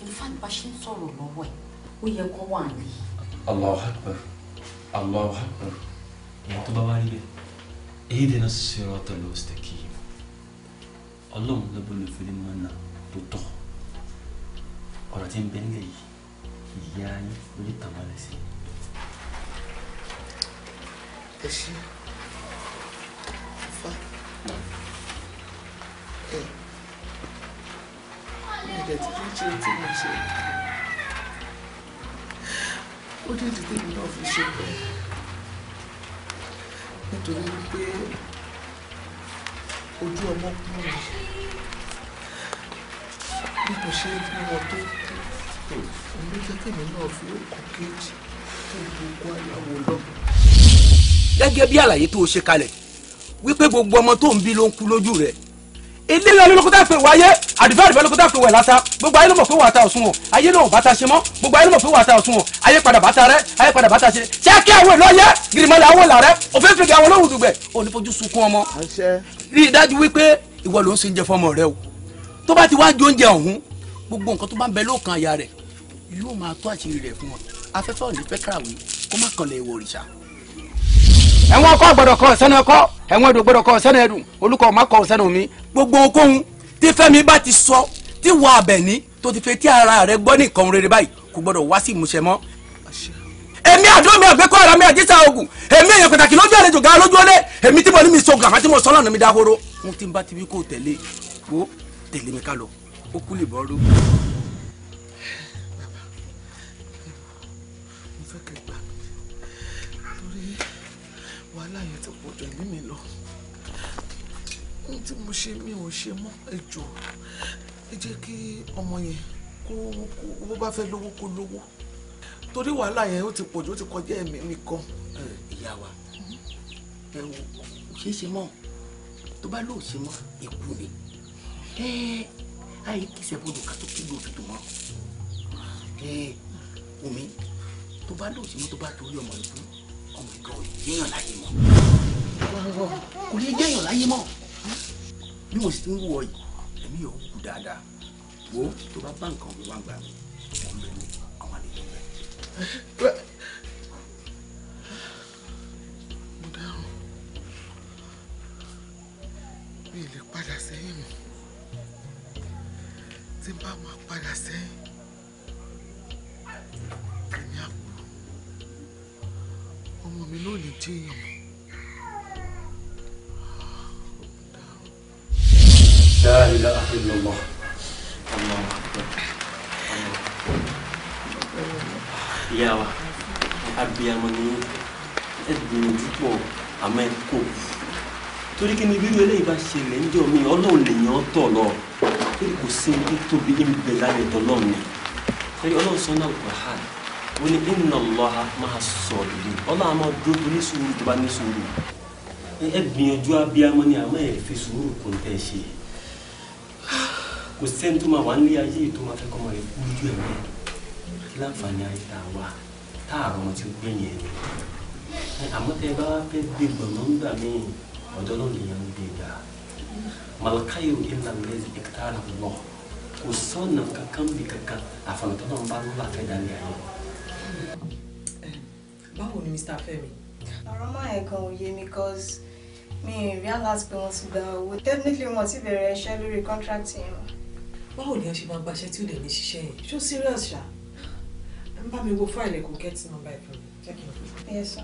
ìfàdí bá ṣe ń sọ̀rọ̀ lọ́wọ́ ẹ̀ ó yẹ kó wà ní. Allahu akbar Allahu akbar ìyẹn tó bá wá rí bẹ́ẹ̀ èyí dènà sirata al-mustaqim ọlọ́run lọ́bọ̀ ló fi lè mọ náà tó tọ́ ọ̀rọ̀ tí ń bẹ nílẹ̀ yìí ìyá yín ó lè tàn mọ́lẹ̀ sí. ẹ ṣe fa ẹ ẹ̀jẹ̀ tí kì í ṣe tí mo ó dé ìdí náà fi ṣe bẹ́ẹ̀ nítorí wípé ojú ọmọ kú mi bí mo ṣe bí wọn tó kú òun ló jẹ́ tèmi náà fi okùn kejì tó gbogbo aláwo lọ. gẹ́gẹ́ bí àlàyé tó o ṣe kalẹ̀ wípé gbogbo ọmọ tó ń bí ló ń kú lójú rẹ̀ ilé ìlú olókùtà pé wáyé àdìbò àdìbò olókùtà pé wẹ̀ lásà gbogbo ayé ló mọ̀ pé wà á ta ọ̀sùn wọn ayé náà bàtà ṣe mọ́ gbogbo ayé ló mọ̀ pé wà á ta ọ̀sùn wọn ayé padà bàtà rẹ ayé padà bàtà ṣe ṣé kí àwọn èlò ọyẹ gìrìmọ̀lẹ̀ àwọn là rẹ òfin fìgà àwọn olóhùn dùgbẹ̀ onífojú sunkún ọmọ. rí i dájú wípé ìwọ ló ń ṣe fọmọ rẹ o tó bá ti wá jó oúnjẹ ọ̀hún gbogbo nǹkan tó bá ń bẹ ẹ̀wọ̀n ọkọ gbọ́dọ̀ kọ ọ̀sẹ́nu ẹ̀kọ́ ẹ̀wọ̀n ẹ̀dùn gbọ́dọ̀ kọ ọ̀sẹ́nu ẹ̀dùn olùkọ́ ọ̀ma kọ ọ̀sẹ́nu mi. gbogbo ohunkóhun tí fẹ́mi bá ti sọ tí wọ abẹ̀ní tó ti fẹ́ tí ara rẹ gbọ́ nìkan rere báyìí kò gbọ́dọ̀ wá sí ìmúṣẹ mọ́. èmi àdúrà mi àgbẹ̀kọ́ ara mi àjíṣà ogun èmi èèyàn pàtàkì lójú àlejò ga lójú ọlẹ́ èmi tí mo ní mi sọ gàmá tí mo sọ lọ́nà mi dáhóró. mo ti ń bá ti wí kó tẹ̀lé kó tẹ̀lé mi ká lọ ó kú lè bọ́ rú. tí mo ṣe mi ò ṣe mọ́ ẹ jọ̀ọ́ ẹ jẹ́ kí ọmọ yẹn kó owó bá fẹ́ lówó kó lówó torí wàhálà yẹn ó ti pọ̀ jù ó ti kọjá ẹ̀mí mi kan ìyá wa ẹ wò ó ṣeé ṣe mọ́ tó bá lóò ṣe mọ́ èkú ni ayé kìsẹ̀ bọ́dọ̀ ká tó kí ló tutù mọ́ omi tó bá lóò ṣe mọ́ tó bá torí ọmọ ikú ọmọ ìgbà ò jẹ́yàn láyé mọ́ kò lè jẹ́yàn láyé mọ́ bí mo sì ti ń wù ọ yìí èmi yóò kú dáadáa wo tó bá bá nǹkan mi wá gbà mí wọn bẹ ní àwọn àlejò bẹ. mo dáhùn mi lè padà sẹ́yìn mọ́ tí n bá máa padà sẹ́yìn ọmọ mi ló lè jẹ́ mọ́. لا إله إلا الله الله ìyá wa abiyamọ ni ẹ gbìyànjú ni bírú eléyìí bá ṣẹlẹ̀ ń jọ mi ọlọ́run lèèyàn tọ̀ lọ torí kò sí ní tóbi ní bẹ lálẹ́ tọ́lọ́run ni torí ọlọ́run sọ náà wà á inna Allaha máa sọ ìlú ọlọ́run máa dúró ní sùúrù tó bá ní sùúrù ẹ gbìyànjú abiyamọ ni àmọ́ ẹ fi sùúrù kò ń tẹ̀ ṣe kò sẹ́ni tó máa wà nílé ayé yìí tó máa fẹ́ fanya rẹ̀ kú lójú ẹ̀ mẹ́rin kí láǹfààní ayé tá a wà tá a rọmọ tí ó gbẹ̀yìn ẹ̀ àmọ́ tẹ́ ẹ bá fẹ́ gbé gbọ̀ngàn gbà mí ọ̀dọ́ náà nìyẹn ń gbé gbà malakayo ilà lẹ́sí ẹ̀kítàrà lọ kò sọ́nà kankan bí kankan àfọ̀nàtọ́ náà ń bá lọ́la fẹ́ dalẹ̀ ayé. ni Mr. Fẹ́mi. ọ̀rọ̀ máa ẹ̀ kan ò yé mi cause mi realize pé wọ́n ti gba owó definitely wọ́n ti bẹ̀rẹ̀ iṣẹ́ lórí contract báwo ni a ṣe máa gbaṣẹ́ tí ò lè ní ṣiṣẹ́ yẹn ṣó serious ṣá ń bá mi wo fáìlì kò number. nọ́mbà ìfún mi jẹ́ kí n tó. ẹ sọ.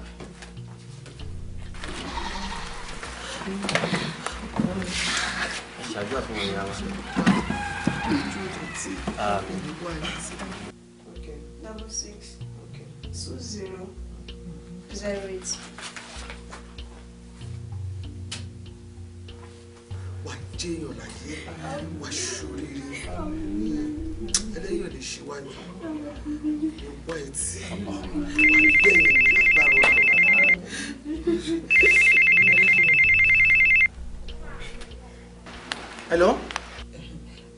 ṣàdúrà fún ìyá wa. Okay, Number six, okay, two zero, zero eight. jẹ́yàn láyé wá ṣoríire ẹlẹ́yìn lè ṣíwájú ìwọ ẹtì àgbẹ̀yìn lágbára Hello?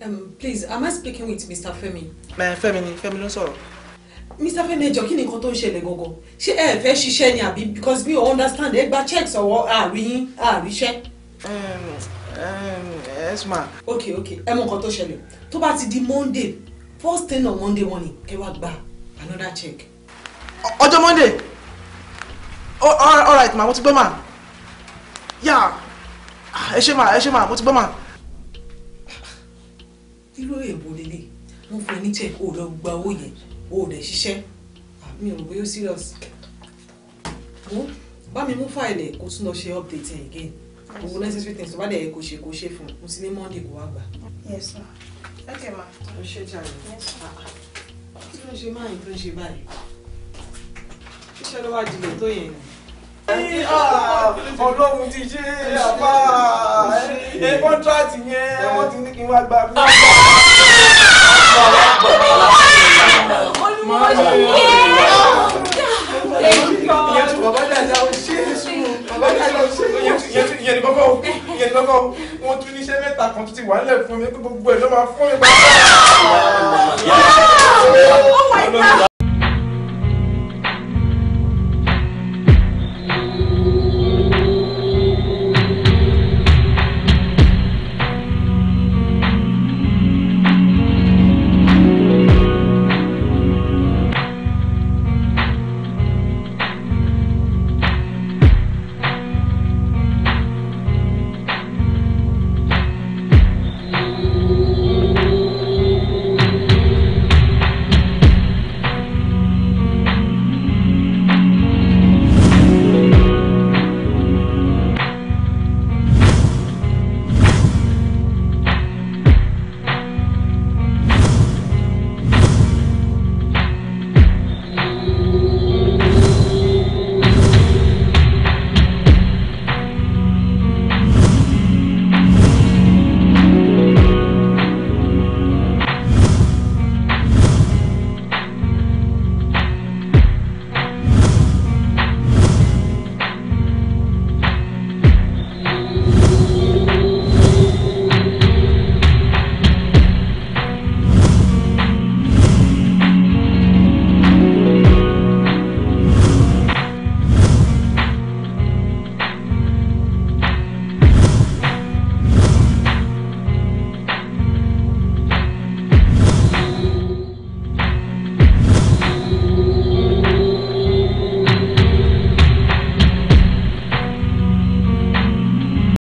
Um, please, am I speaking with Mr. Femi? Femi ni Femi ló ń sọ̀rọ̀. Mr. Femi ẹ jọ̀ọ́ kí ni nǹkan tó ń ṣẹlẹ̀ gangan ṣé ẹ fẹ́ ṣiṣẹ́ ni àbí because mi ò understand ẹ gba check. ọwọ́ àárín àáríṣẹ́. Um, yes ma. ok ok ẹ mọ nǹkan tó ṣẹlẹ̀ tó bá ti di monday first thing on monday morning kẹ wá gba another check. ọjọ́ monday all right ma mo ti gbọ́ ma yà ẹ ṣe ma ẹ ṣe ma mo ti gbọ́ ma. irú èèbò lélẹ̀ wọ́n fún ẹ ní check o lọ gba owó yẹn o ò dẹ̀ mi ò bóyá serious. bá mi mú fáìlì kó tún lọ ṣe update again òun necessary things tó bá dẹ̀ kò ṣe kò ṣe fún un sí ní monday kò wá gbà. yes ma ok ma. o ṣe jàre ah, ah. kí ló ń ṣe máa ń tó ń ṣe báyìí iṣẹ́ ló wá jùlọ tó yẹn ni ah, ọlọ́run ti ṣe àbá ẹ kọ́ńtrátì yẹn wọ́n ti ní kí n wá gba fún mi. ìyẹn tó bàbá dàda ó ṣe é sùn bàbá dàda ìyẹn ní kọ́kọ́ o ìyẹn ní kọ́kọ́ o wọ́n tún níṣẹ́ mẹ́ta kan tó ti wà nílẹ̀ mi pé gbogbo ẹ̀ ló máa fún mi